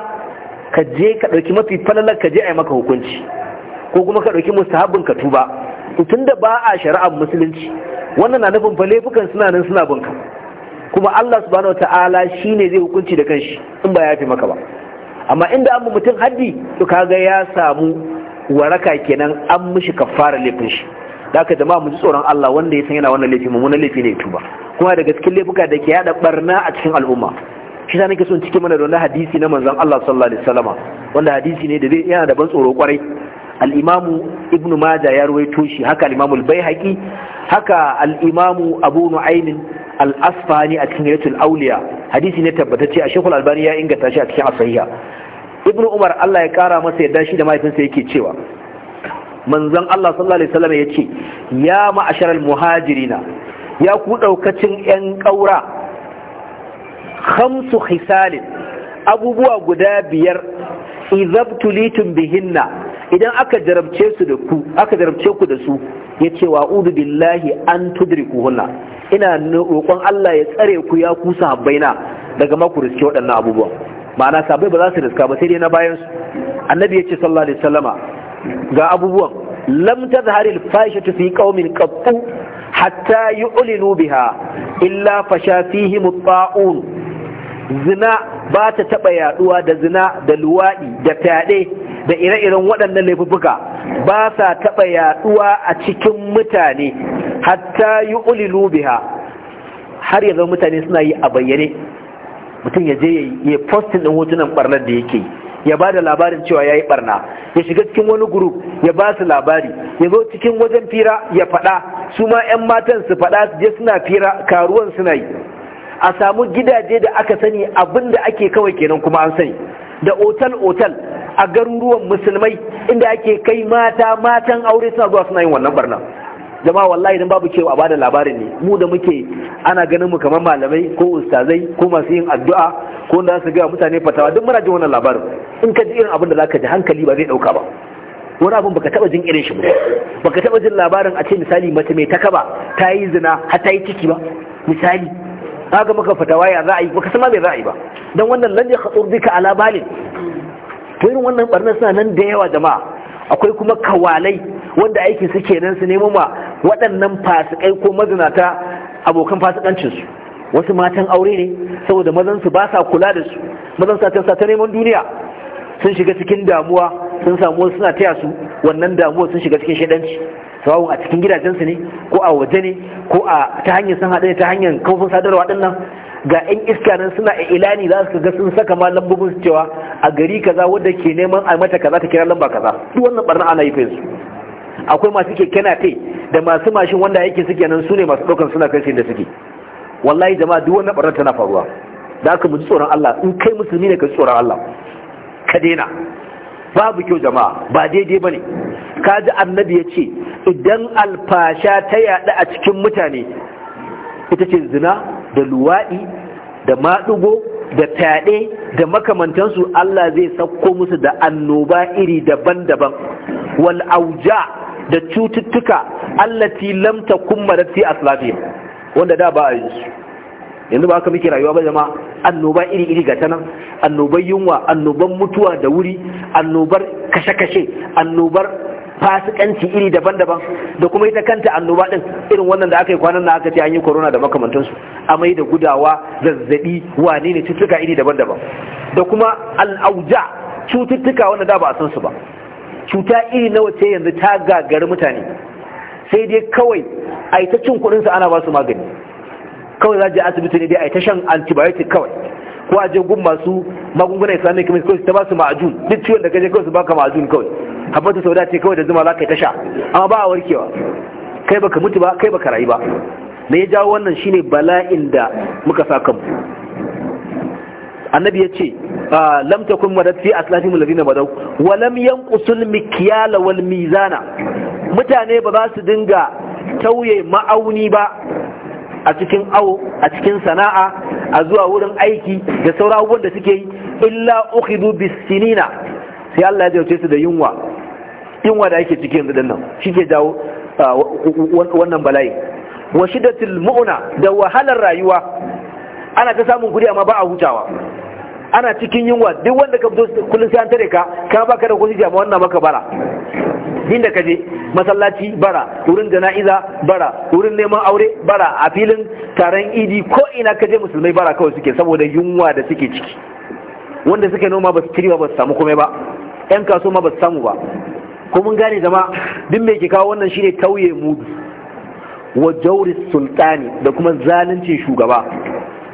ka je ka dauki mafi falala ka je a yi maka hukunci ko kuma ka dauki mustahabbin ka tuba tun da ba a shari'ar musulunci wannan na nufin fa laifukan suna nan suna bunka. kuma Allah subhanahu wataala ne zai hukunci da kanshi in ba ya fi maka ba amma inda an mutum haddi to kaga ya samu waraka kenan an mishi kafara laifin shi da aka jama'a mu ji tsoron Allah wanda ya san yana wannan laifi mummunan laifi ne tuba kuma daga cikin laifuka da ke yada barna a cikin al'umma shi nake son cikin mana da wannan hadisi na manzon Allah sallallahu alaihi wasallama wanda hadisi ne da yana da ban tsoro kwarai Al'imamu imamu ibn majah ya ruwaito shi haka al-imamu haka Al'imamu imamu abu nu'aym al-asfahani a cikin riwayatul awliya hadisi ne tabbatacce a shekul albani ya inganta shi a cikin asahiya ibn umar Allah ya kara masa yadda shi da mahaifinsa yake cewa manzon Allah sallallahu alaihi wasallam yace ya ma'asharal muhajirina ya ku daukacin yan kaura khamsu khisalin abubuwa guda biyar izabtulitum bihinna idan aka jarabce su da ku aka jarabce ku da su ya ce wa udu billahi an tudriku hunna ina roƙon Allah ya tsare ku ya ku sahabbaina daga maku riske waɗannan abubuwan ma'ana sahabbai ba za su riska ba sai dai na bayan su annabi ya ce sallallahu alaihi wasallama ga abubuwan lam tazhari al fashatu fi qaumin qattu hatta yu'linu biha illa fasha fihim zina ba ta taba yaduwa da zina da luwaɗi da fyaɗe da ire-iren waɗannan laifuka ba sa taɓa yaɗuwa a cikin mutane hatta yi ulilu biha har yanzu mutane suna yi a bayyane mutum ya je ya postin ɗin hotunan ɓarnar da yake ya ba da labarin cewa ya yi ɓarna ya shiga cikin wani guruf ya ba su labari ya zo cikin wajen fira ya faɗa su ma 'yan matan su faɗa su je suna fira karuwan suna yi a samu gidaje da aka sani abin da ake kawai kenan kuma an sani da otal-otal a garuruwan musulmai inda ake kai mata matan aure suna zuwa suna yin wannan barna jama'a wallahi idan babu cewa a bada labarin ne mu da muke ana ganin mu kamar malamai ko ustazai ko masu yin addu'a ko wanda su ga mutane fatawa duk muna jin wannan labarin in ka ji irin abin da zaka ji hankali ba zai dauka ba wani abin baka taba jin irin shi ba baka taba jin labarin a ce misali mace mai ta kaba ta yi zina har ta yi ciki ba misali haka maka fatawa ya za a yi baka san ma me za a yi ba dan wannan lalle ka khatur bika ala balin to irin wannan barnar suna nan da yawa jama'a akwai kuma kawalai wanda aikin su nan su nemo ma waɗannan fasikai ko mazinata abokan fasikancinsu wasu matan aure ne saboda mazan su ba sa kula da su mazan sa ta neman duniya sun shiga cikin damuwa sun samu wasu suna taya su wannan damuwa sun shiga cikin shaidanci sawawun a cikin gidajensu ne ko a waje ne ko a ta hanyar sun haɗe ta hanyar kafofin sadarwa ɗin nan ga 'yan iska nan suna ilani za su ga sun saka ma lambobin su cewa a gari kaza wadda ke neman a mata kaza ta kira lamba kaza duk wannan barna ana yi su akwai masu ke kenate da masu mashin wanda yake suke nan su ne masu ɗaukan suna kai da suke wallahi jama'a duk wannan barna tana faruwa da aka mu tsoron Allah in kai musulmi ne ka ji tsoron Allah ka daina babu kyau jama'a ba daidai bane ka ji annabi ya ce idan alfasha ta yaɗa a cikin mutane ita ce zina da luwaɗi da maɗugo da fyaɗe da makamantansu Allah zai sauko musu da annoba iri daban-daban wal auja da cututtuka allati lam takum madati aslafiya wanda da ba a yi su yanzu ba haka muke rayuwa ba zama annoba iri iri ga tanan annoban yunwa annoban mutuwa da wuri annobar kashe-kashe annobar fasikanci iri daban-daban da kuma ita kanta annoba din irin wannan da aka yi kwanan na aka ce an yi corona da makamantansu amai da gudawa zazzabi wane ne cututtuka iri daban-daban da kuma al'auja cututtuka wanda da ba a san su ba cuta iri nawa ce yanzu ta gagari mutane sai dai kawai a ta cin kuɗin su ana ba su magani kawai za je asibiti ne dai a ta shan antibiotic kawai ko a je gun masu magungunan islamic medicine ta ba su ma'ajun duk ciwon da kaje kawai su baka ma'ajun kawai habbatu sau ce kawai da zuma za ka yi tasha amma ba a warkewa kai baka mutu ba kai baka rayu ba da ya jawo wannan shine bala'in da muka sa kanmu annabi ya ce ah, lamta kun madad fi aslafihim alladhina Badau. Walam lam yanqusul mikiyala wal mizana mutane ba za su dinga tauye ma'auni ba a cikin awo a cikin sana'a a zuwa wurin aiki da sauran abubuwan da suke yi illa ukhidu bis sinina sai Allah ya jauce su da yunwa yunwa da ake cikin yanzu dinnan shi ke jawo wannan bala'i wa shiddatul mu'na da wahalar rayuwa ana ta samun kuɗi amma ba a hutawa ana cikin yunwa duk wanda ka fito kullum sai an tare ka ka baka da kuɗi amma wannan maka bara din da kaje masallaci bara wurin jana'iza bara wurin neman aure bara a filin taron idi ko ina ka je musulmai bara kawai suke saboda yunwa da suke ciki wanda suke noma ba su tiriwa ba su samu komai ba yan kaso ma ba su samu ba ko mun gane zama duk mai ke kawo wannan shine tauye mudu wa jawri sultani da kuma zalunci shugaba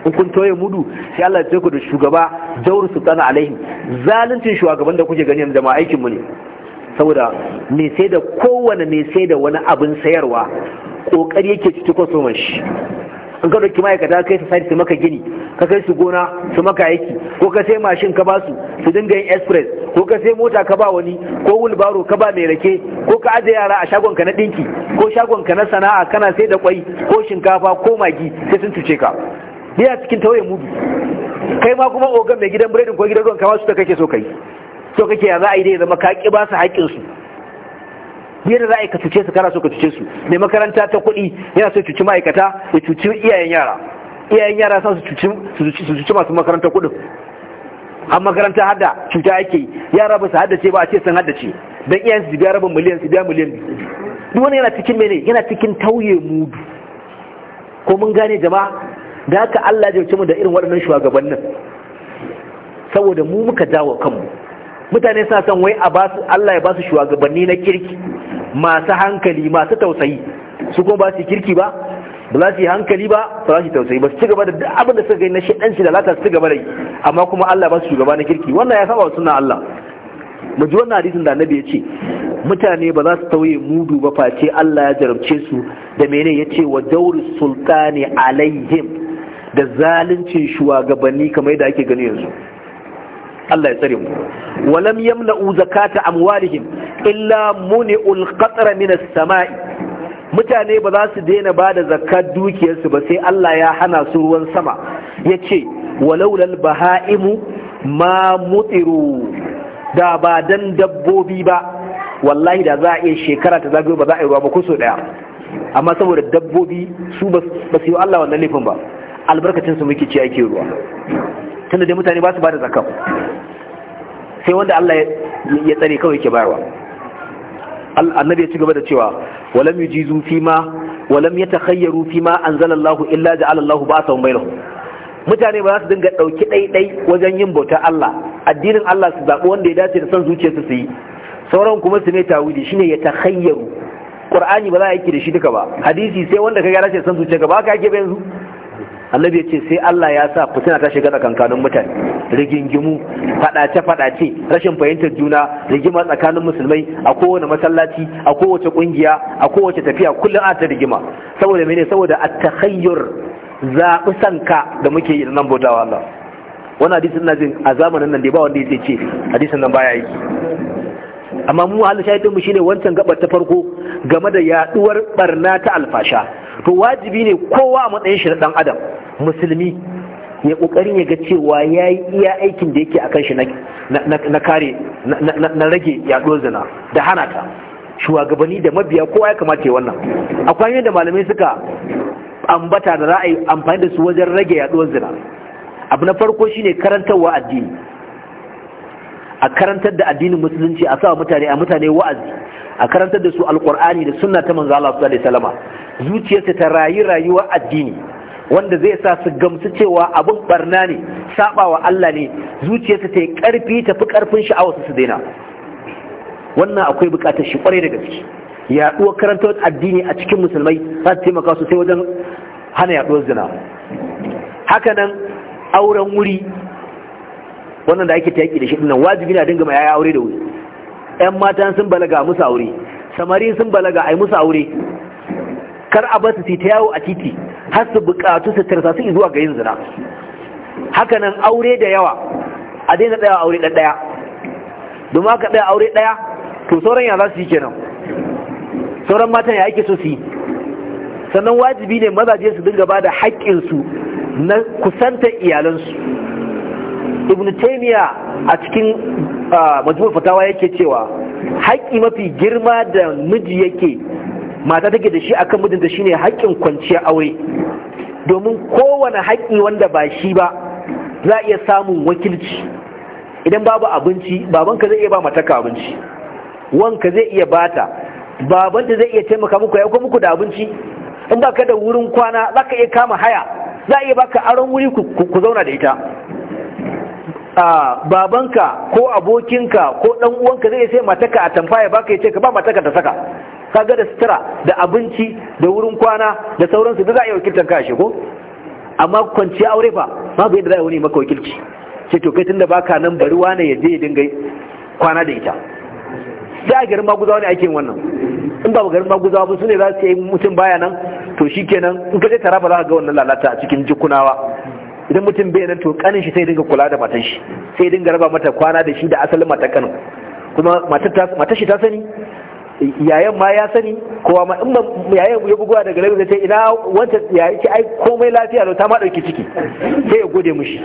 in kun tauye mudu sai Allah ya ku da shugaba jawri sultani alaihi zalunci shugaban da kuke gani a jama'a aikin mu ne saboda me sai da kowane me sai da wani abin sayarwa kokari yake cikin kwaso shi in ka dauki ma'aikata kai su sai su maka gini ka kai su gona su maka aiki ko ka sai mashin ka ba su su dinga yin express ko ka sai mota ka ba wani ko wulbaro ka ba mai rake ko ka aje yara a shagon ka na ɗinki ko shagon ka na sana'a kana sai da kwai ko shinkafa ko magi sai sun cuce ka biya cikin tauye mudu kai ma kuma ogan mai gidan biredin ko gidan ruwan kama su ta kake so kai so kake ya za a yi dai zama ka ƙi ba su haƙƙinsu yadda za a ka cuce su kana so ka cuce su mai makaranta ta kuɗi yana so cuci ma'aikata ya cuci iyayen yara iyayen yara sa su cuci masu makaranta kuɗin A makaranta hada cuta ake yara ba su haddace ba a ce sun haddace don iyayen su biya rabin miliyan su biya miliyan duk wani yana cikin mene yana cikin tauye mudu ko mun gane jama'a da haka Allah ya jauce mu da irin waɗannan shugabannin saboda mu muka dawo kanmu mutane suna son wai a basu Allah ya basu shugabanni na kirki masu hankali masu tausayi su kuma ba su kirki ba ba za su yi hankali ba su za su tausayi ba su ci gaba da duk abin da suka gani na shi da lata su ci gaba da yi amma kuma Allah ba su shugaba na kirki wannan ya saba suna Allah mu ji wannan hadisin da annabi ya ce mutane ba za su tauye mudu ba face Allah ya jarabce su da mene ya ce wa dauri sultani alaihim da zaluncin shugabanni kamar yadda ake gani yanzu Allah ya tsare mu walam yamla'u zakata amwalihim illa muni'ul qatra min as-sama'i mutane ba za su daina ba da zakat dukiyarsu ba sai Allah ya hana su ruwan sama ya ce walaulal baha'imu ma mutiru da ba dan dabbobi ba wallahi da za a iya shekara ta zagayo ba za a yi ruwa ba kuso daya amma saboda dabbobi su ba su yi Allah wannan laifin ba albarkacin su muke ci ake ruwa tunda dai mutane ba su ba da zakka sai wanda Allah ya tsare kawai yake bayarwa annabi ya ci gaba da cewa walam yujizu fi ma walam yatakhayyaru fi ma Allah illa ja'ala Allah ba'sahu bainahum mutane ba za su dinga dauki ɗaiɗai wajen yin bauta Allah addinin Allah su zaɓi wanda ya dace da son zuciyarsu su yi sauran kuma su ne tawili shine ya takhayyaru qur'ani ba za a yi da shi duka ba hadisi sai wanda ka ga rashin son zuciyarka ba ka yake ba yanzu annabi ya ce sai Allah ya sa fitina ta shiga tsakankanin mutane rigingimu fadace fadace rashin fahimtar juna rigima tsakanin musulmai a kowane masallaci a kowace kungiya a kowace tafiya kullum a ta rigima saboda mene saboda at-takhayyur zaɓi sanka da muke yi nan bautawa Allah Wani hadisi ina jin a zamanin nan da ba wanda ya ce hadisin nan baya yi amma mu halin shahidin mu shine wancan gabar ta farko game da yaduwar barna ta alfasha to wajibi ne kowa a matsayin shi na dan adam musulmi ya kokarin ya ga cewa ya yi iya aikin da yake kan shi na kare na rage yaduwar zina da hana ta shugabanni da mabiya kowa ya kamata ya wannan akwai hanyoyin da malamai suka ambata da ra'ayi amfani da su wajen rage yaduwar zina abu na farko shine karantarwa addini a karantar da addinin musulunci a sawa mutane a mutane wa'azi a karantar da su alkur'ani da sunna ta manzo Allah sallallahu alaihi wasallam zuciyarsu ta rayu rayuwa addini wanda zai sa su gamsu cewa abin barna ne sabawa Allah ne zuciyarsu ta yi karfi fi karfin sha'awa su daina wannan akwai bukatar shi kwarai da gaske yaduwar karantar addini a cikin musulmai za ta taimaka sosai wajen hana yaduwar zina hakanan auren wuri wannan da ake ta yaki da shi dinnan wajibi na dinga mai yaya aure da wuri 'yan matan sun balaga musu aure samari sun balaga yi musu aure kar a basu su ta yawo a titi har su bukatu su tarsa su zuwa ga yin zina hakanan aure da yawa a daina tsaya aure ɗaya domin aka ɗaya aure ɗaya to sauran ya za su yi kenan sauran matan ya ake so su yi sannan wajibi ne mazaje su dinga ba da haƙƙinsu na kusantar iyalansu ibn taimiya a cikin majmu'ul fatawa yake cewa haƙƙi mafi girma da miji yake mata take da shi akan mijinta shine haƙƙin kwanciya aure domin kowane haƙƙi wanda ba shi ba za a iya samun wakilci idan babu abinci babanka zai iya ba mataka abinci wanka zai iya bata babanta zai iya taimaka muku ya muku da abinci in baka da wurin kwana za ka iya kama haya za a iya baka aron wuri ku zauna da ita babanka ko abokinka ko dan uwanka zai sai mataka a tamfaya baka yace ka ba mataka ta saka kaga da sutura da abinci da wurin kwana da sauransu da za a yi wakiltar ka shi ko amma kwanciya aure fa bai da za a wani maka wakilci sai to kai tunda baka nan bari wani ya je ya dinga kwana da ita sai a garin maguzawa ne ake wannan in ba garin maguzawa ba su ne za su yi mutum baya nan to shikenan in ka je tara ba za ka ga wannan lalata a cikin jikunawa idan mutum bai nan to kanin shi sai dinga kula da matan shi sai dinga raba mata kwana da shi da asalin matar kanin kuma matar shi ta sani yayan ma ya sani kowa ma in yayan ya buguwa daga laifin zai ce ina wanta ya yi ai komai lafiya lau ta ma dauki ciki sai ya gode mushi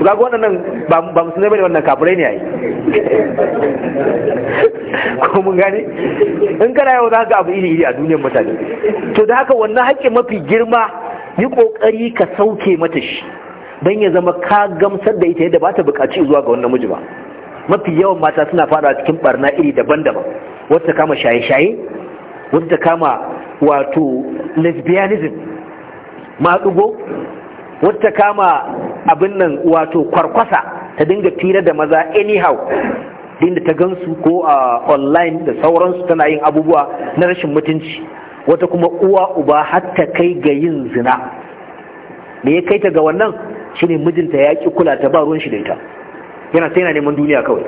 ga ga wannan ba musulmai bane wannan kafirai ne yayi ko mun gane in kana yau za ka abu iri iri a duniyar mutane to da haka wannan haƙƙin mafi girma yi ƙoƙari ka sauke mata shi don ya zama ka gamsar da ita yadda ba ta bukaci zuwa ga wannan miji ba mafi yawan mata suna fara cikin barna iri daban-daban wata kama shaye-shaye wata kama wato lesbianism maɗugo wata kama abin nan wato kwarkwasa ta dinga fira da maza anyhow dinda ta gansu ko a online da sauransu tana yin abubuwa na rashin mutunci wata kuma uwa uba hatta kai ga yin zina me ya kai ta ga wannan shine mijinta ya ki kula ta ba ruwan shi da ita yana ta yana neman duniya kawai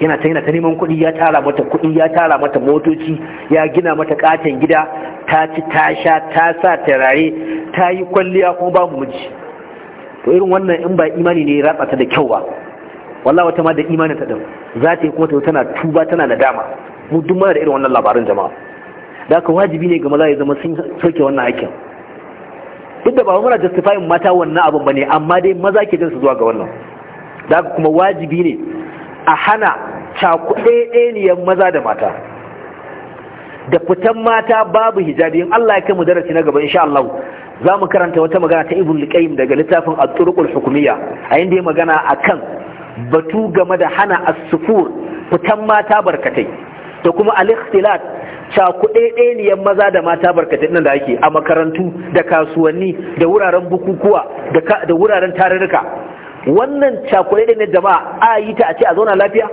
yana ta yana ta neman kuɗi ya tara mata kuɗi ya tara mata motoci ya gina mata katin gida ta ci ta sha ta sa turare ta yi kwalliya kuma babu miji to irin wannan in ba imani ne ratsa ta da kyau ba wallahi wata ma da imani ta din za ta yi kuma ta tana tuba tana nadama mu duk mana da irin wannan labarin jama'a da haka wajibi ne ga maza ya zama sun soke wannan hakkin duk da ba muna justifying mata wannan abin bane amma dai maza ke jin su zuwa ga wannan da kuma wajibi ne a hana cakuɗaɗɗeniyar maza da mata da fitan mata babu hijabi in Allah ya kai mu darasi na gaba insha Allah za mu karanta wata magana ta Ibn Qayyim daga littafin At-Turuqul Hukumiyya a inda ya magana akan batu game da hana as-sufur fitan mata barkatai da kuma al-ikhtilat cakuɗeɗeniyar maza da mata barkatai nan da ake a makarantu da kasuwanni da wuraren bukukuwa da wuraren tarurruka wannan ne jama'a a yi ta a ce a zauna lafiya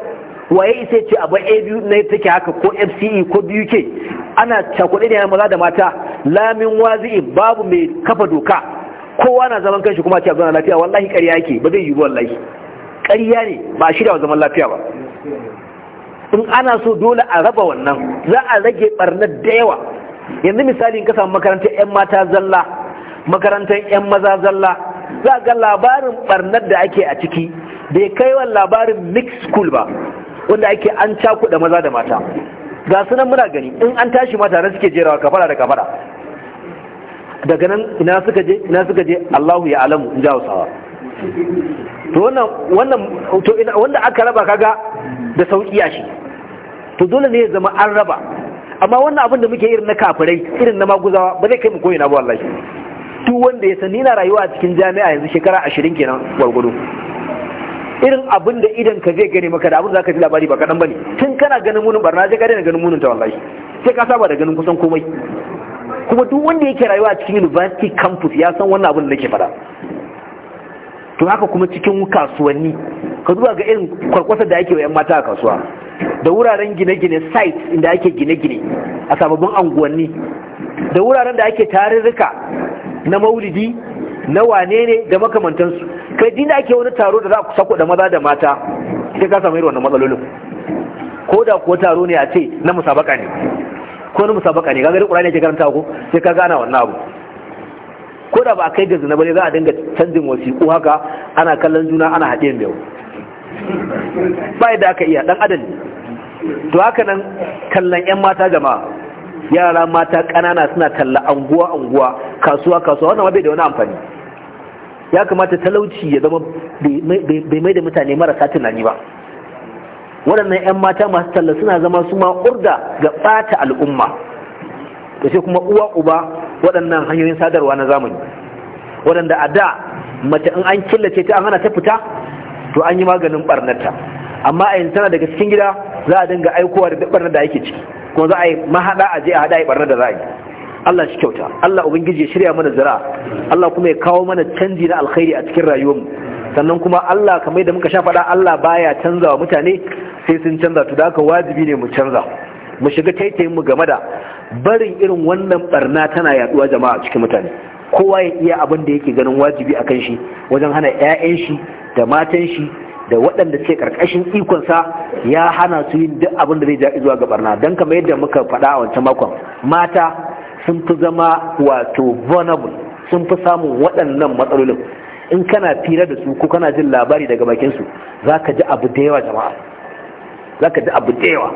waye isa ce a bar abu na take haka ko fce ko buk ana cakuɗeɗeniyar maza da mata lamin wazi'i babu mai kafa doka kowa na zaman kanshi kuma ce a zauna lafiya wallahi ƙarya yake ba zai yi wallahi ƙarya ne ba a shirya wa zaman lafiya ba in ana so dole a raba wannan za a rage barnar da yawa yanzu misali in ka samu makarantar 'yan mata zalla makarantar 'yan maza zalla za ga labarin barnar da ake a ciki bai kai wa labarin mix school ba wanda ake an cakuɗa maza da mata ga sunan muna gani in an tashi mata na suke jerawa kafara da kafara daga nan ina suka je ina suka je Allahu ya alamu in ja Hausawa to wannan wannan to ina wanda aka raba kaga da sauki ya shi to dole ne ya zama an raba amma wannan abin da muke irin na kafirai irin na maguzawa ba zai kai mu koyi na ba wallahi duk wanda ya sani na rayuwa a cikin jami'a yanzu shekara ashirin kenan gwargwado irin abin da idan ka zai gane maka da abin za ka ji labari ba kaɗan ba ne tun kana ganin munin barna sai ka daina ganin munin ta wallahi sai ka saba da ganin kusan komai kuma duk wanda yake rayuwa a cikin university campus ya san wannan abin da nake faɗa to haka kuma cikin kasuwanni ka zuwa ga irin kwarkwasar da ake wa 'yan mata a kasuwa da wuraren gine-gine site inda ake gine-gine a sababbin anguwanni da wuraren da ake tarurruka na maulidi na wane ne da makamantansu kai dinda ake wani taro da za ku sako da maza da mata sai ka samu irin wannan matsalolin ko da kuwa taro ne a ce na musabaka ne ko na musabaka ne kaga ƙura qur'ani yake karanta ko sai ka gana wannan abu ko da ba a kai da zina bane za a dinga canjin wasiƙu haka ana kallon juna ana haɗe mai ba yadda aka iya ɗan adali to haka nan kallon yan mata jama'a yara mata kanana suna talla anguwa anguwa kasuwa kasuwa wannan bai da wani amfani ya kamata talauci ya zama bai mai da mutane marasa tunani ba waɗannan 'yan mata masu talla suna zama su ma urda ga ɓata al'umma da sai kuma uwa uba waɗannan hanyoyin sadarwa na zamani waɗanda a da mace in an killace ta an hana ta fita to an yi maganin barnata amma a yanzu tana daga cikin gida za a dinga aikowa da duk da yake ciki kuma za a yi mahaɗa a je a hada a yi da zai Allah shi kyauta Allah ubangiji ya shirya mana zira Allah kuma ya kawo mana canji na alkhairi a cikin rayuwar mu sannan kuma Allah kamar da muka sha faɗa Allah baya canzawa mutane sai sun canza to da wajibi ne mu canza mu shiga taitayin mu game da barin irin wannan barna tana yaduwa jama'a cikin mutane kowa ya iya abin da yake ganin wajibi akan shi wajen hana 'ya'yan shi da matan shi da waɗanda suke ƙarƙashin ikonsa ya hana su yin duk abin da zai ja zuwa ga barna don kamar yadda muka faɗa a wancan makon mata sun fi zama wato vulnerable sun fi samun waɗannan matsalolin in kana fira da su ko kana jin labari daga bakinsu za ka ji abu da yawa jama'a za ka ji abu da yawa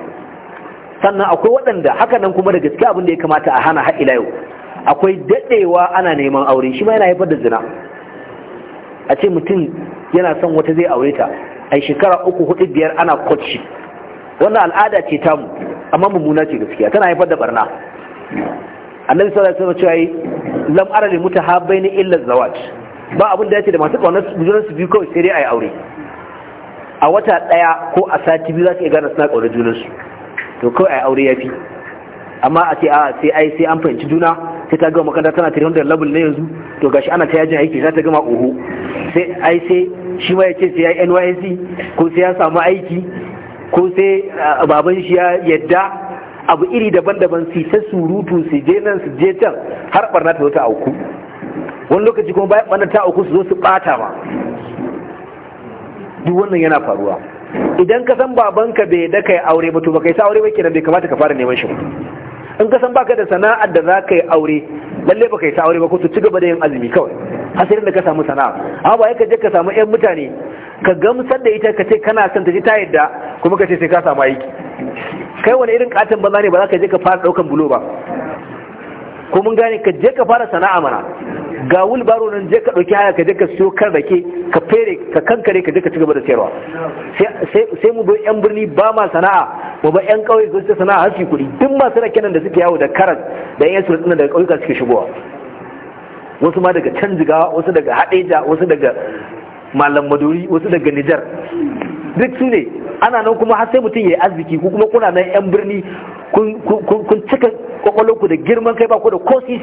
sannan akwai waɗanda haka nan kuma da gaske abin da ya kamata a hana haɗila yau akwai daɗewa ana neman aure shi ma yana haifar da zina a ce mutum yana son wata zai aure ta ai shekara uku hudu biyar ana kocci wannan al'ada ce ta mu, amma mummuna ce gaskiya tana haifar da barna annabi sallallahu alaihi wasallam ce lam ara li mutahabbaini illa zawaj ba abin da yace da masu kaunar bujuran su biyu kawai sai dai ai aure a wata daya ko a sati biyu za su iya gane suna kaunar junan su to kawai ai aure yafi amma a ce a sai ai sai an fahimci juna sai ta gama makaranta tana 300 labul ne yanzu to gashi ana ta yajin aiki za ta gama oho sai ai sai shi ma ya ce sai ya yi nysc ko sai ya samu aiki ko sai ah, baban shi ya yadda abu iri daban-daban su ta surutu su je nan su je can har barna ta zo auku wani lokaci kuma bayan barna ta auku su zo su bata ma duk wannan yana faruwa idan ka san babanka bai da kai aure ba to ba yi sa aure ba kenan bai kamata ka fara neman shi in ka san baka da sana'ar da za ka yi aure lalle baka yi ta aure ba ko su ci gaba da yin azumi kawai hasirin da ka samu sana'a amma ba ka je ka samu 'yan mutane ka gamsar da ita ka ce kana son ta ji ta yadda kuma ka ce sai ka samu aiki kai wani irin katin banza ne ba za ka je ka fara ɗaukan bulo ba ko mun gane ka je ka fara sana'a mana ga baro nan je ka dauki haya ka je ka siyo da rake ka fere ka kankare ka je ka cigaba da sayarwa sai mu bai yan birni ba ma sana'a ko ba yan kauye su sana'a har kuɗi duk masu rake nan da suke yawo da karas da yan surat da daga suke shigowa wasu ma daga can wasu daga haɗeja wasu daga malam maduri wasu daga nijar duk su ne ana nan kuma har sai mutum ya yi arziki ko kuma kuna nan yan birni kun cika kwakwalonku da girman kai ba ku da kosis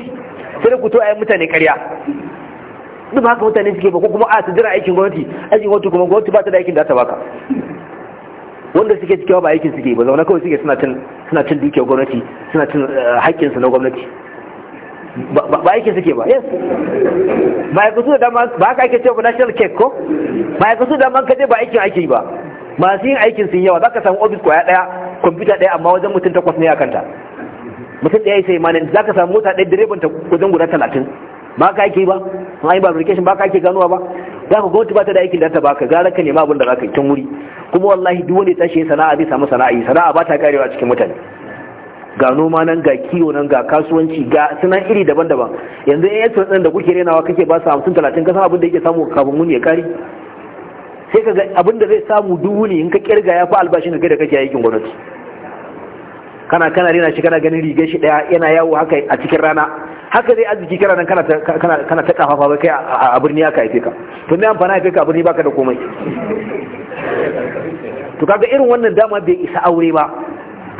sai ku to a yi mutane karya duk haka mutane suke ba ko kuma a su jira aikin gwamnati aikin gwamnati kuma gwamnati ba ta da aikin da ta baka wanda suke cikewa ba aikin suke ba zaune kawai suke suna cin dukiyar gwamnati suna cin eh, haƙƙinsu na gwamnati ba aikin suke ba yes ba aikin su da dama ba haka ake cewa national cake ko ba aikin su da dama kaje ba aikin ake yi ba masu yin aikin sun yawa za ka samu ofis kwaya daya kwamfuta daya amma wajen mutum takwas ne a kanta mutum daya sai manin ka samu mota ɗaya, direban ta wajen guda talatin ba ka aiki ba an yi ba ba ka aiki ganuwa ba za ka gwamnati ba ta da aikin da ta baka gara ka nema abin da za ka yi wuri kuma wallahi duk wani tashi sana'a zai samu sana'a yi sana'a ba ta karewa cikin mutane ga noma nan ga kiwo nan ga kasuwanci ga suna iri daban-daban yanzu yan yasa da kuke renawa kake ba su hamsin talatin kasan abin da yake samu kafin mun ya kare sai ka ga abin da zai samu dubu ne in ka kirga ya fi albashin kai da kake aikin gwamnati kana kana rena shi kana ganin rigar shi daya yana yawo haka a cikin rana haka zai arziki kana nan kana kana kana ta kafafa ba kai a birni haka haife ka to me amfana haife ka a birni baka da komai to kaga irin wannan dama bai isa aure ba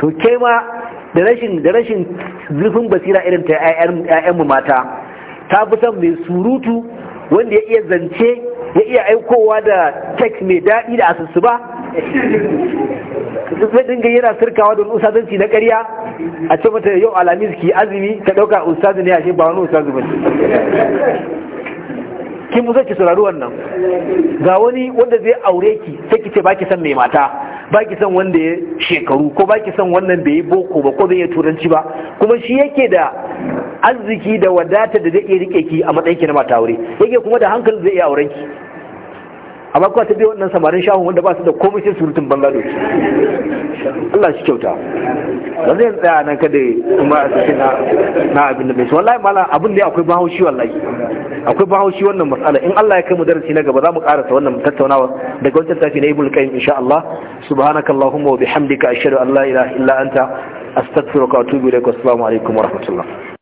to kai ma da rashin da rashin zurfin basira irin ta ƴaƴan mu mata ta fi san mai surutu wanda ya iya zance ya iya aikowa da tek mai daɗi da asusu ba zai dinga yana sirkawa da usazanci na ƙarya a ce mata yau alamis ki azumi ka ɗauka ustazi ne a shi ba wani ustazi ba kin musa ki saurari wannan ga wani wanda zai aure ki sai ki ce ba ki san mai mata ba ki san wanda ya shekaru ko ba ki san wannan bai yi boko ba ko bai yi turanci ba kuma shi yake da arziki da wadata da zai iya rike ki a matsayin ki na mata aure yake kuma da hankali zai iya auren ki amma kuwa ta biyo wannan samarin shahun wanda ba su da komai sai surutun bangladesh Allah shi kyauta ba zai tsaya nan kada kuma a sassi na abin da bai su wallahi mala abin da akwai bahaushi wallahi akwai bahaushi wannan matsala in Allah ya kai mu darasi na gaba za mu karasa wannan tattaunawa daga wancan tafi na ibul qayyim insha Allah allahumma wa bihamdika ashhadu an la ilaha illa anta astaghfiruka wa atubu ilaik assalamu alaikum wa rahmatullah